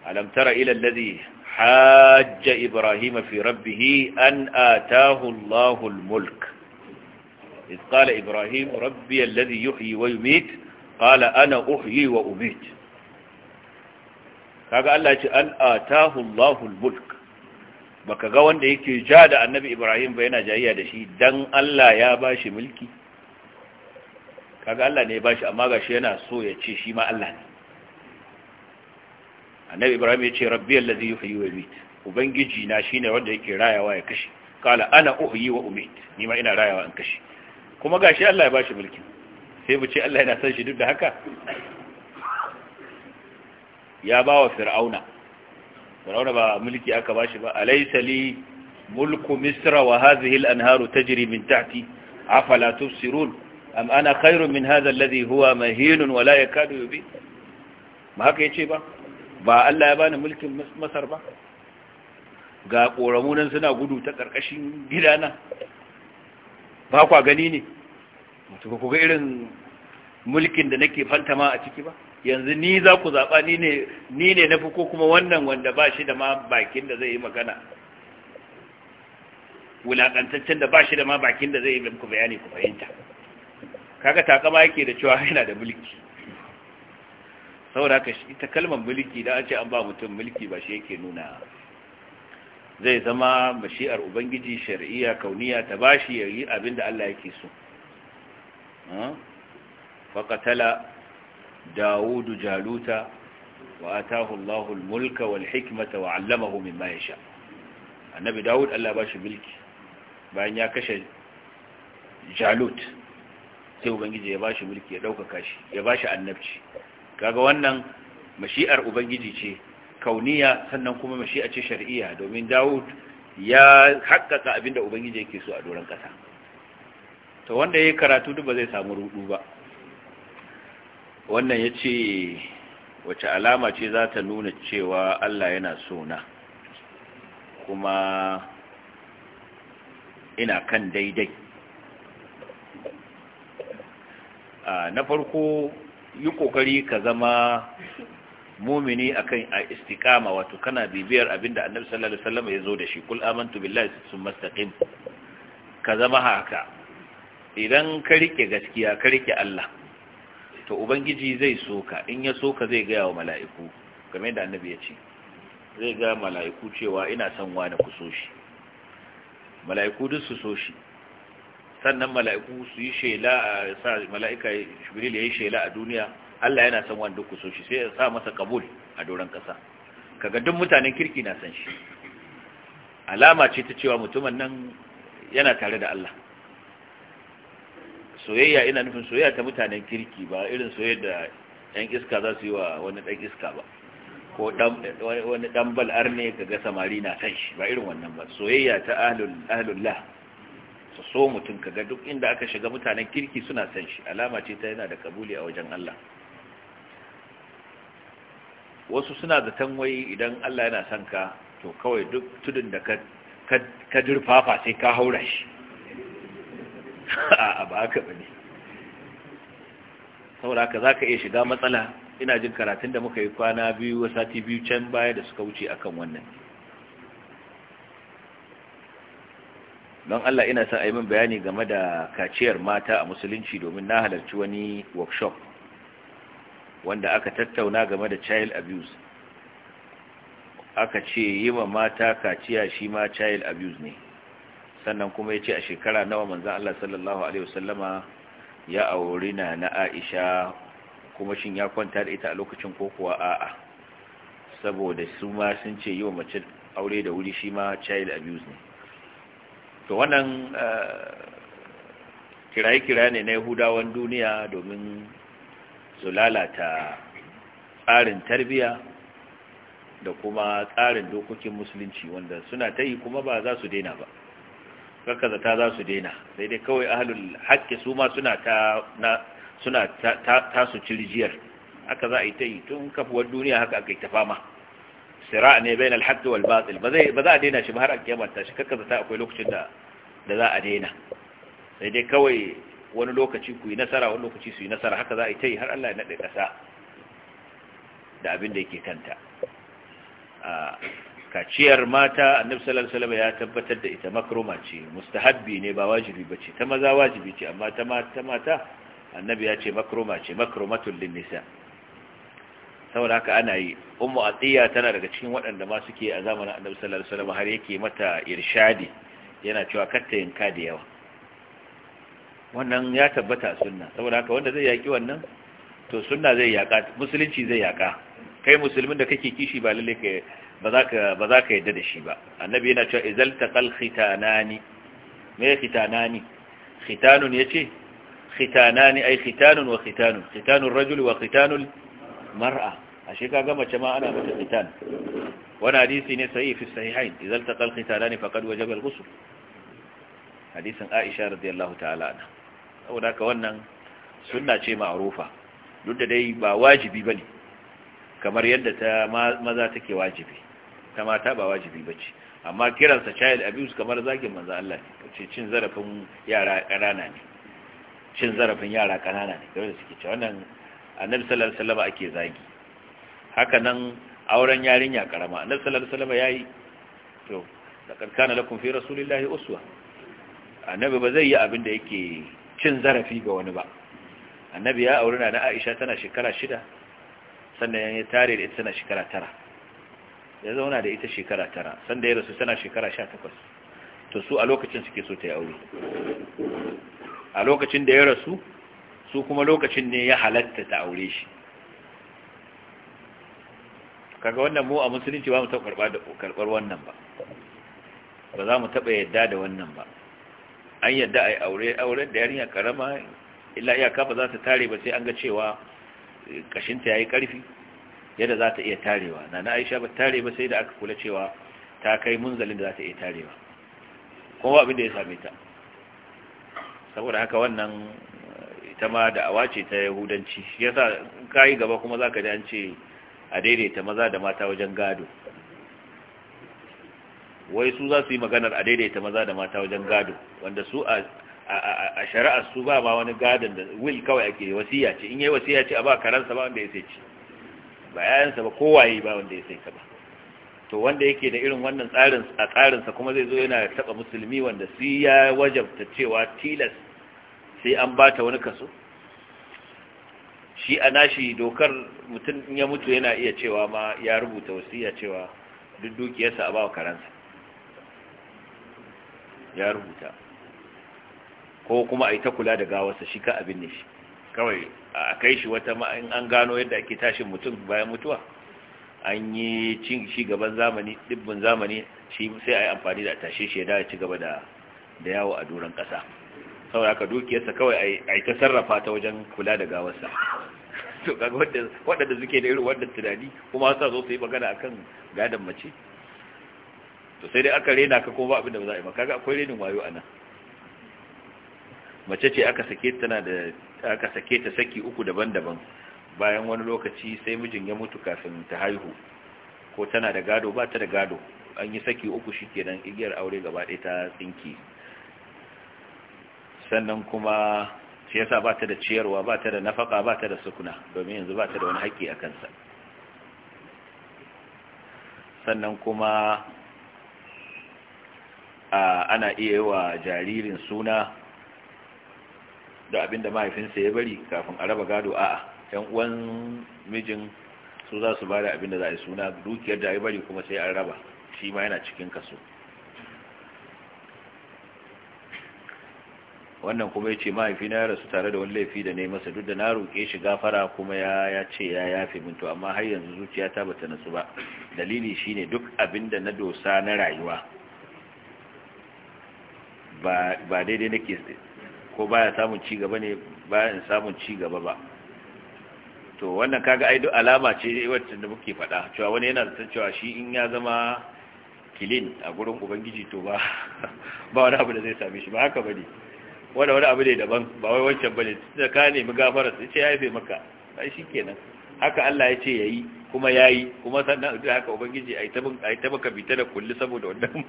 alam tara ila allazi hajja ibrahim fi rabbih an ataahu allahul mulk إذ قال إبراهيم ربي الذي يحيي ويميت قال أنا أحيي وأميت kaga Allah ce an atahu Allahul mulk baka ga wanda yake ja da Annabi Ibrahim ba yana jayayya da shi dan Allah ya bashi mulki kaga Allah ne ya bashi amma gashi yana so ya ce shi ma Allah ne Annabi Ibrahim ya ce rabbi allazi yuhyi wa yumiit ubangiji na shine wanda yake rayawa ya kashe kala ana uhyi wa umit ni ma ina rayawa in kashe. kuma ga shi Allah ya bashi mulki sai mu ce Allah yana san shi duk da haka ya ba wa fir'auna fir'auna ba mulki aka bashi ba alaysa li mulku misra wa hadhihi al-anharu tajri min tahti afala tubsirun am ana khayrun min hadha alladhi huwa mahinun wa la yakadu yubi ba haka yace ba ba Allah ya bani mulkin masar ba ga koramunan suna gudu ta karkashin gidana ba kwa gani ne To ku ga irin mulkin da nake fantama a ciki ba yanzu ni za ku zaɓa ni ne na fi ko kuma wannan wanda ba shi da ma bakin da zai yi magana wulaƙantaccen da ba shi da ma bakin da zai yi muku bayani ku fahimta kaga takama yake da cewa yana da mulki saboda ka ita kalmar mulki da an ce an ba mutum mulki ba shi yake nuna zai zama mashi'ar ubangiji shari'iyya kauniya ta bashi ya yi abin da Allah yake so hmm? faƙatala dawudu jaluta wa atahu mulka wal hikmata wa allamahu mimma yasha annabi dawud Allah bashi mulki bayan ya kashe jalut sai ubangiji ya bashi mulki ya dauka kashi ya bashi annabci kaga wannan mashi'ar ubangiji ce kauniya sannan kuma a ce shar'iyya domin Dawud ya haƙƙaƙa abinda ubangiji yake so a doron ƙasa to wanda yi karatu duk ba zai samu rudu ba wannan yace wace alama ce za ta nuna cewa Allah yana so na kuma ina kan daidai na farko yi kokari ka zama mumini akan a istiqama wato kana bibiyar abinda annabi sallallahu alaihi wasallam ya zo da shi kul amantu billahi thumma istaqim ka zama haka idan ka rike gaskiya ka rike Allah to ubangiji zai soka in ya soka zai ga wa mala'iku kamar yadda annabi ya ce zai ga mala'iku cewa ina son wani ku so shi mala'iku duk su so shi sannan mala'iku su yi shela sa mala'ika jibril ya yi shela a duniya Allah yana son wanda ku so shi sai ya sa masa kabul a doron kasa kaga duk mutanen kirki na san shi alama ce ta cewa mutumin nan yana tare da Allah soyayya ina nufin soyayya ta mutanen kirki ba irin soyayya da ɗan iska za su yi wa wani ɗan iska ba ko wani ɗan bal'ar ne ga samari na san shi ba irin wannan ba soyayya ta ahlullah su so mutum kaga duk inda aka shiga mutanen kirki suna san shi alama ce ta yana da kabuli a wajen Allah wasu suna da tanwai idan Allah yana son ka to kawai duk tudun da ka durfafa sai ka haura shi a ba haka bane saboda ka zaka iya shiga matsala ina jin karatun da muka yi kwana biyu sati biyu can baya da suka wuce akan wannan don Allah ina son a yi min bayani game da kaciyar mata a musulunci domin na halarci wani workshop wanda aka tattauna game da child abuse aka ce yi wa mata kaciya shi ma child abuse ne sannan kuma ya ce a shekara nawa manzan Allah sallallahu Alaihi wasallama ya auri na na Aisha kuma shin ya kwanta da ita a lokacin kokowa a'a saboda su ma sun ce yi wa mace aure da wuri shi ma child abuse ne to wannan eh, kiraye-kiraye ne na yahudawan duniya domin su lalata tsarin tarbiya da kuma tsarin dokokin musulunci wanda suna ta yi kuma ba za su daina ba kakkaza ta za su daina sai dai kawai ahalul haƙƙi su ma suna ta suna ta su cirjiyar haka za a yi ta yi tun kafuwar duniya haka aka yi ta fama sira ne bayan alhaƙi wal batil ba za a daina shi ba har a kiyamata shi kakkaza ta akwai lokacin da za a daina sai dai kawai wani lokaci ku yi nasara wani lokaci su yi nasara haka za a yi ta yi har Allah ya naɗe ƙasa da abin da yake kanta a kaciyar mata annabi sallallahu alaihi ya tabbatar da ita makruma ce mustahabbi ne ba wajibi bace ta maza wajibi ce amma ta mata mata annabi ya ce makruma ce makrumatul nisa saboda haka ana yi ummu atiya tana daga cikin waɗanda ma suke a zamanin annabi sallallahu alaihi har yake mata irshadi yana cewa katta yanka da yawa wannan ya tabbata sunna saboda haka wanda zai yaki wannan to sunna zai yaka musulunci zai yaka kai musulmin da kake kishi ba lalle ka ba za ka ba za ka yadda da shi ba annabi yana cewa izal taqal khitanani me khitanani khitanun yace khitanani ay khitanun wa khitanun khitanur rajul wa khitanul mar'a ashe kaga mace ma ana mata khitan wani hadisi ne sahih fi sahihain izal taqal khitanani faqad wajaba al-ghusl hadisin Aisha radiyallahu ta'ala anha saboda ka wannan sunna ce ma'rufa duk da dai ba wajibi bane kamar yadda ta maza take wajibi ta mata ba wajibi bace amma kiransa child abuse kamar zagin manzo Allah ne ce cin zarafin yara ƙanana ne cin zarafin yara ƙanana ne kamar da suke cewa wannan annabi sallallahu alaihi wasallam ake zagi haka nan auren yarinya karama annabi sallallahu alaihi wasallam yayi to laqad kana lakum fi rasulillahi uswa annabi ba zai yi abin da yake cin zarafi ga wani ba annabi ya auri na aisha tana shekara shida sannan ya yi tare da ita tana shekara tara ya zauna da ita shekara tara sanda ya rasu tana shekara sha takwas to su a lokacin suke so ta yi aure a lokacin da ya rasu su kuma lokacin ne ya halatta ta aure shi kaga wannan mu a musulunci ba mu taɓa karɓar wannan ba ba za mu taɓa yadda da wannan ba an yadda a yi aure auren da yarinya karama illa iyaka ba za ta tare ba sai an ga cewa kashinta ya yi ƙarfi yadda za ta iya tarewa na na aisha ba tare ba sai da aka kula cewa ta kai munzalin da za ta iya tarewa kuma abin da ya same ta saboda haka wannan ita ma da awa ce ta yahudanci yasa kayi gaba kuma za ka ji an ce a daidaita maza da mata wajen gado wai su za su yi maganar a daidaita maza da mata wajen gado wanda su a a shari'ar su ba ma wani gadon da will kawai ake wasiya ce in yi wasiya ce a ba karansa ba wanda ya sai ci ba yayansa ba kowaye ba wanda ya sai ka ba to wanda yake da irin wannan tsarin a tsarinsa kuma zai zo yana taba musulmi wanda su ya wajabta cewa tilas sai an ba ta wani kaso shi a nashi dokar mutum ya mutu yana iya cewa ma ya rubuta wasiya cewa duk dukiyarsa a ba karansa ya rubuta ko kuma a yi ta kula da gawarsa shi ka abin ne shi kawai a kai shi wata in an gano yadda ake tashin mutum bayan mutuwa an yi ci gaban zamani dubbin zamani shi sai a yi amfani da tashe shi ya ci gaba da yawo a doron ƙasa da aka dukiyarsa kawai a yi ta sarrafa ta wajen kula da gawarsa to kaga waɗanda suke da irin wannan tunani kuma sa zo su yi magana akan gadon mace to sai dai aka rena ka kuma ba abin da ba za a yi ba kaga akwai renin wayo a nan mace ce aka sake tana da aka sake ta saki uku daban-daban bayan wani lokaci sai mijin ya mutu kafin ta haihu ko tana da gado ba ta da gado an yi saki uku shi kenan igiyar aure gaba ɗaya ta tsinki sannan kuma shi yasa ba ta da ciyarwa ba ta da nafaka ba ta da sukuna domin yanzu ba ta da wani haƙƙi a kansa sannan kuma ana iya yi wa jaririn suna da abinda mahaifinsa ya bari kafin a raba gado a'a yan uwan mijin su za su bada abinda za a yi suna dukiyar da ya bari kuma sai an raba shi ma yana cikin kaso wannan kuma ya ce mahaifina ya rasu tare da wani laifi da ne masa duk da na roƙe shi gafara kuma ya ce ya yafe min amma har yanzu zuciyata bata nasu ba dalili shine duk abinda na dosa na rayuwa ba daidai nake ko baya samun ci gaba ne ya samun ci gaba ba to wannan kaga ai duk alama ce wacce da muke faɗa cewa wani yana da cewa shi in ya zama kilin a gurin ubangiji to ba ba wani abu da zai same shi ba haka bane wani wani abu ne daban ba wai wancan bane da ka nemi gafara sai ce ya yafe maka ai shikenan haka Allah ya ce yayi kuma yayi kuma sannan haka ubangiji ai ta ai ta baka bita da kulli saboda wannan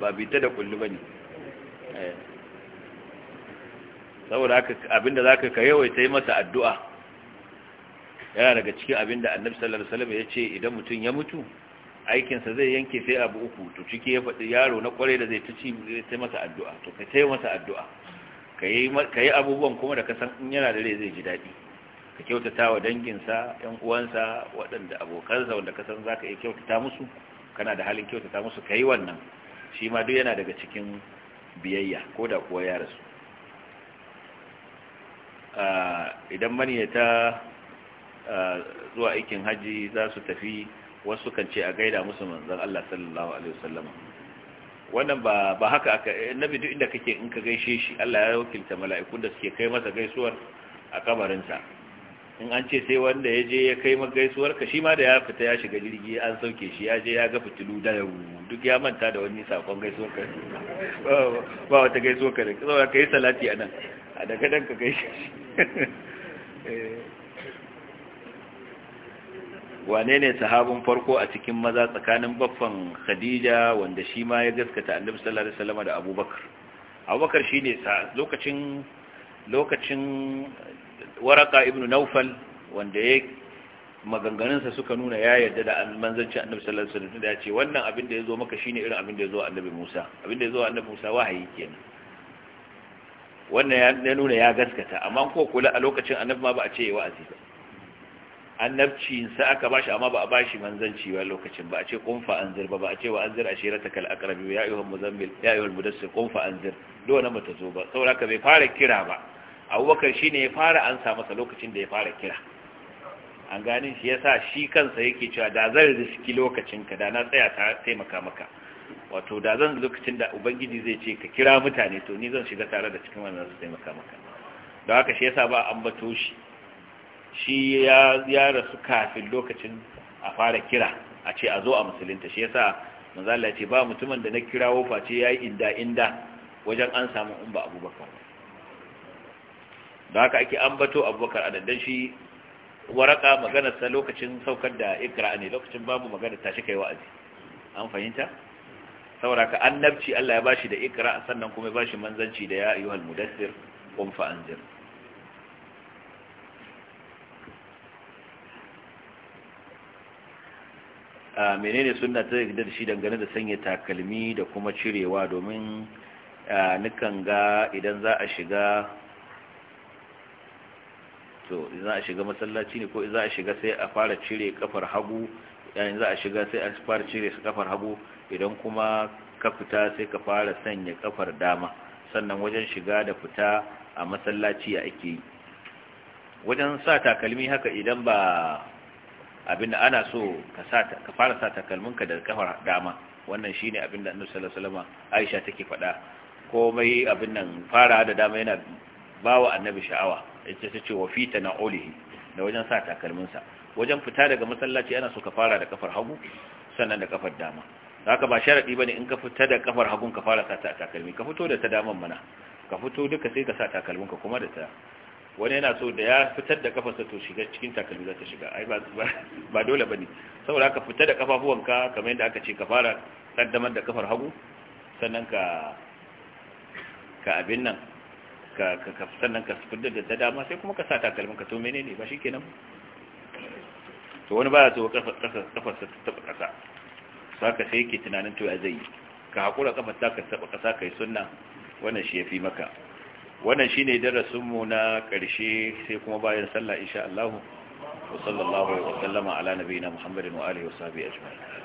ba bita da kullu ba ne eh. saboda abinda za ka yawaita yi masa addu'a yana daga cikin abinda annabi sallallahu alaihi wasallam ya ce idan mutum ya mutu aikinsa zai yanke sai abu uku to ciki ya faɗi yaro na kware da zai ta ci sai masa addu'a to ka sai masa addu'a ka yi abubuwan kuma da ka san in yana da rai zai ji daɗi ka kyautata wa danginsa ‘yan uwansa waɗanda abokansa wanda ka san za ka iya kyautata musu kana da halin kyautata musu ka yi wannan shi ma duk yana daga cikin biyayya ko da kuwa ya rasu idan maniyata zuwa aikin hajji za su tafi wasu kan ce a gaida musu manzan Allah sallallahu alaihi wasallam wannan ba haka aka annabi duk inda kake in ka gaishe shi Allah ya wakilta mala'ikun da suke kai masa gaisuwar a kabarinsa in an ce sai wanda ya je ya kai magaisuwar ka shi ma da ya fita ya shiga jirgi an sauke shi ya je ya ga fitilu da yau duk ya manta da wani sakon gaisuwar ka ba wata gaisuwar ka da ka yi salati nan a daga dan ka gaishe eh. wane ne sahabin farko a cikin maza tsakanin baffan khadija wanda shi ma ya gaskata annabi sallallahu alaihi wasallam da abubakar abubakar shine lokacin lokacin waraka ibn naufal wanda ya maganganunsa suka nuna ya yarda da manzancin annabi sallallahu alaihi wasallam da ya ce wannan abin da ya zo maka shine irin abin da ya zo annabi Musa abin da ya zo annabi Musa wahayi kenan wannan ya nuna ya gaskata amma ko kula a lokacin annabi ma ba a ce wa'azi ba annabcin sa aka bashi amma ba a bashi manzanci ba lokacin ba a ce kun fa anzir ba ba a ce wa anzir ashirataka al-aqrabi ya ayyuhal muzammil ya ayyuhal mudassir kun fa anzir dole mata zo ba saboda ka bai fara kira ba abubakar shi ne ya fara ansa masa lokacin da ya fara kira an ganin shi ya sa shi kansa yake cewa da zan riski lokacinka da na tsaya ta taimaka maka wato da zan lokacin da ubangiji zai ce ka kira mutane to ni zan shiga tare da cikin wannan su taimaka maka don haka shi ya sa ba an bato shi shi ya ya rasu kafin lokacin a fara kira a ce a zo a musulunta shi ya sa, manzala ya ce ba mutumin da na kirawo face ya yi inda inda wajen an samu umba abubakar da haka ake ambato abubakar a dandan shi waraka maganarsa lokacin saukar da ikra ne lokacin babu maganar tashi kai wa'azi an fahimta saboda ka annabci Allah ya bashi da ikra sannan kuma ya bashi manzanci da ya ayyuhal mudassir qum fa anzir a menene sunna ta da shi dangane da sanya takalmi da kuma cirewa domin nukan ga idan za a shiga to za a shiga masallaci ne ko za a shiga sai a fara cire kafar hagu yayin za a shiga sai a fara cire kafar hagu idan kuma ka fita sai ka fara sanya kafar dama sannan wajen shiga da fita a masallaci ya ake yi wajen sa takalmi haka idan ba da ana so ka fara sa takalminka da kafar dama wannan shine da annabi sallallahu alaihi wasallam Aisha take faɗa komai abin nan fara da dama yana bawa annabi sha'awa ita ta ce wa fi tana'ulihi da wajen sa takalminsa wajen fita daga masallaci ana so ka fara da kafar hagu sannan da kafar dama haka ba sharadi bane in ka fita da kafar hagun ka fara sa takalmi ka fito da ta daman mana ka fito duka sai ka sa takalmin ka kuma da ta wani yana so da ya fitar da kafarsa to shiga cikin takalmi za ta shiga ai ba dole bane saboda ka fita da kafafuwanka kamar yadda aka ce ka fara kaddamar da kafar hagu sannan ka ka abin nan ka ka sannan ka fidda da dama sai kuma ka sa takalmin ka to menene ba shikenan to wani baya so kafa sa ta taba kasa ka sai ke tunanin to ya zai ka hakura kafar ta taba kasa kai sunna wannan shi yafi maka wannan shine darasin mu na karshe sai kuma bayan sallah insha Allah wa sallallahu wa sallama ala nabiyina Muhammadin wa alihi wa sahbihi ajma'in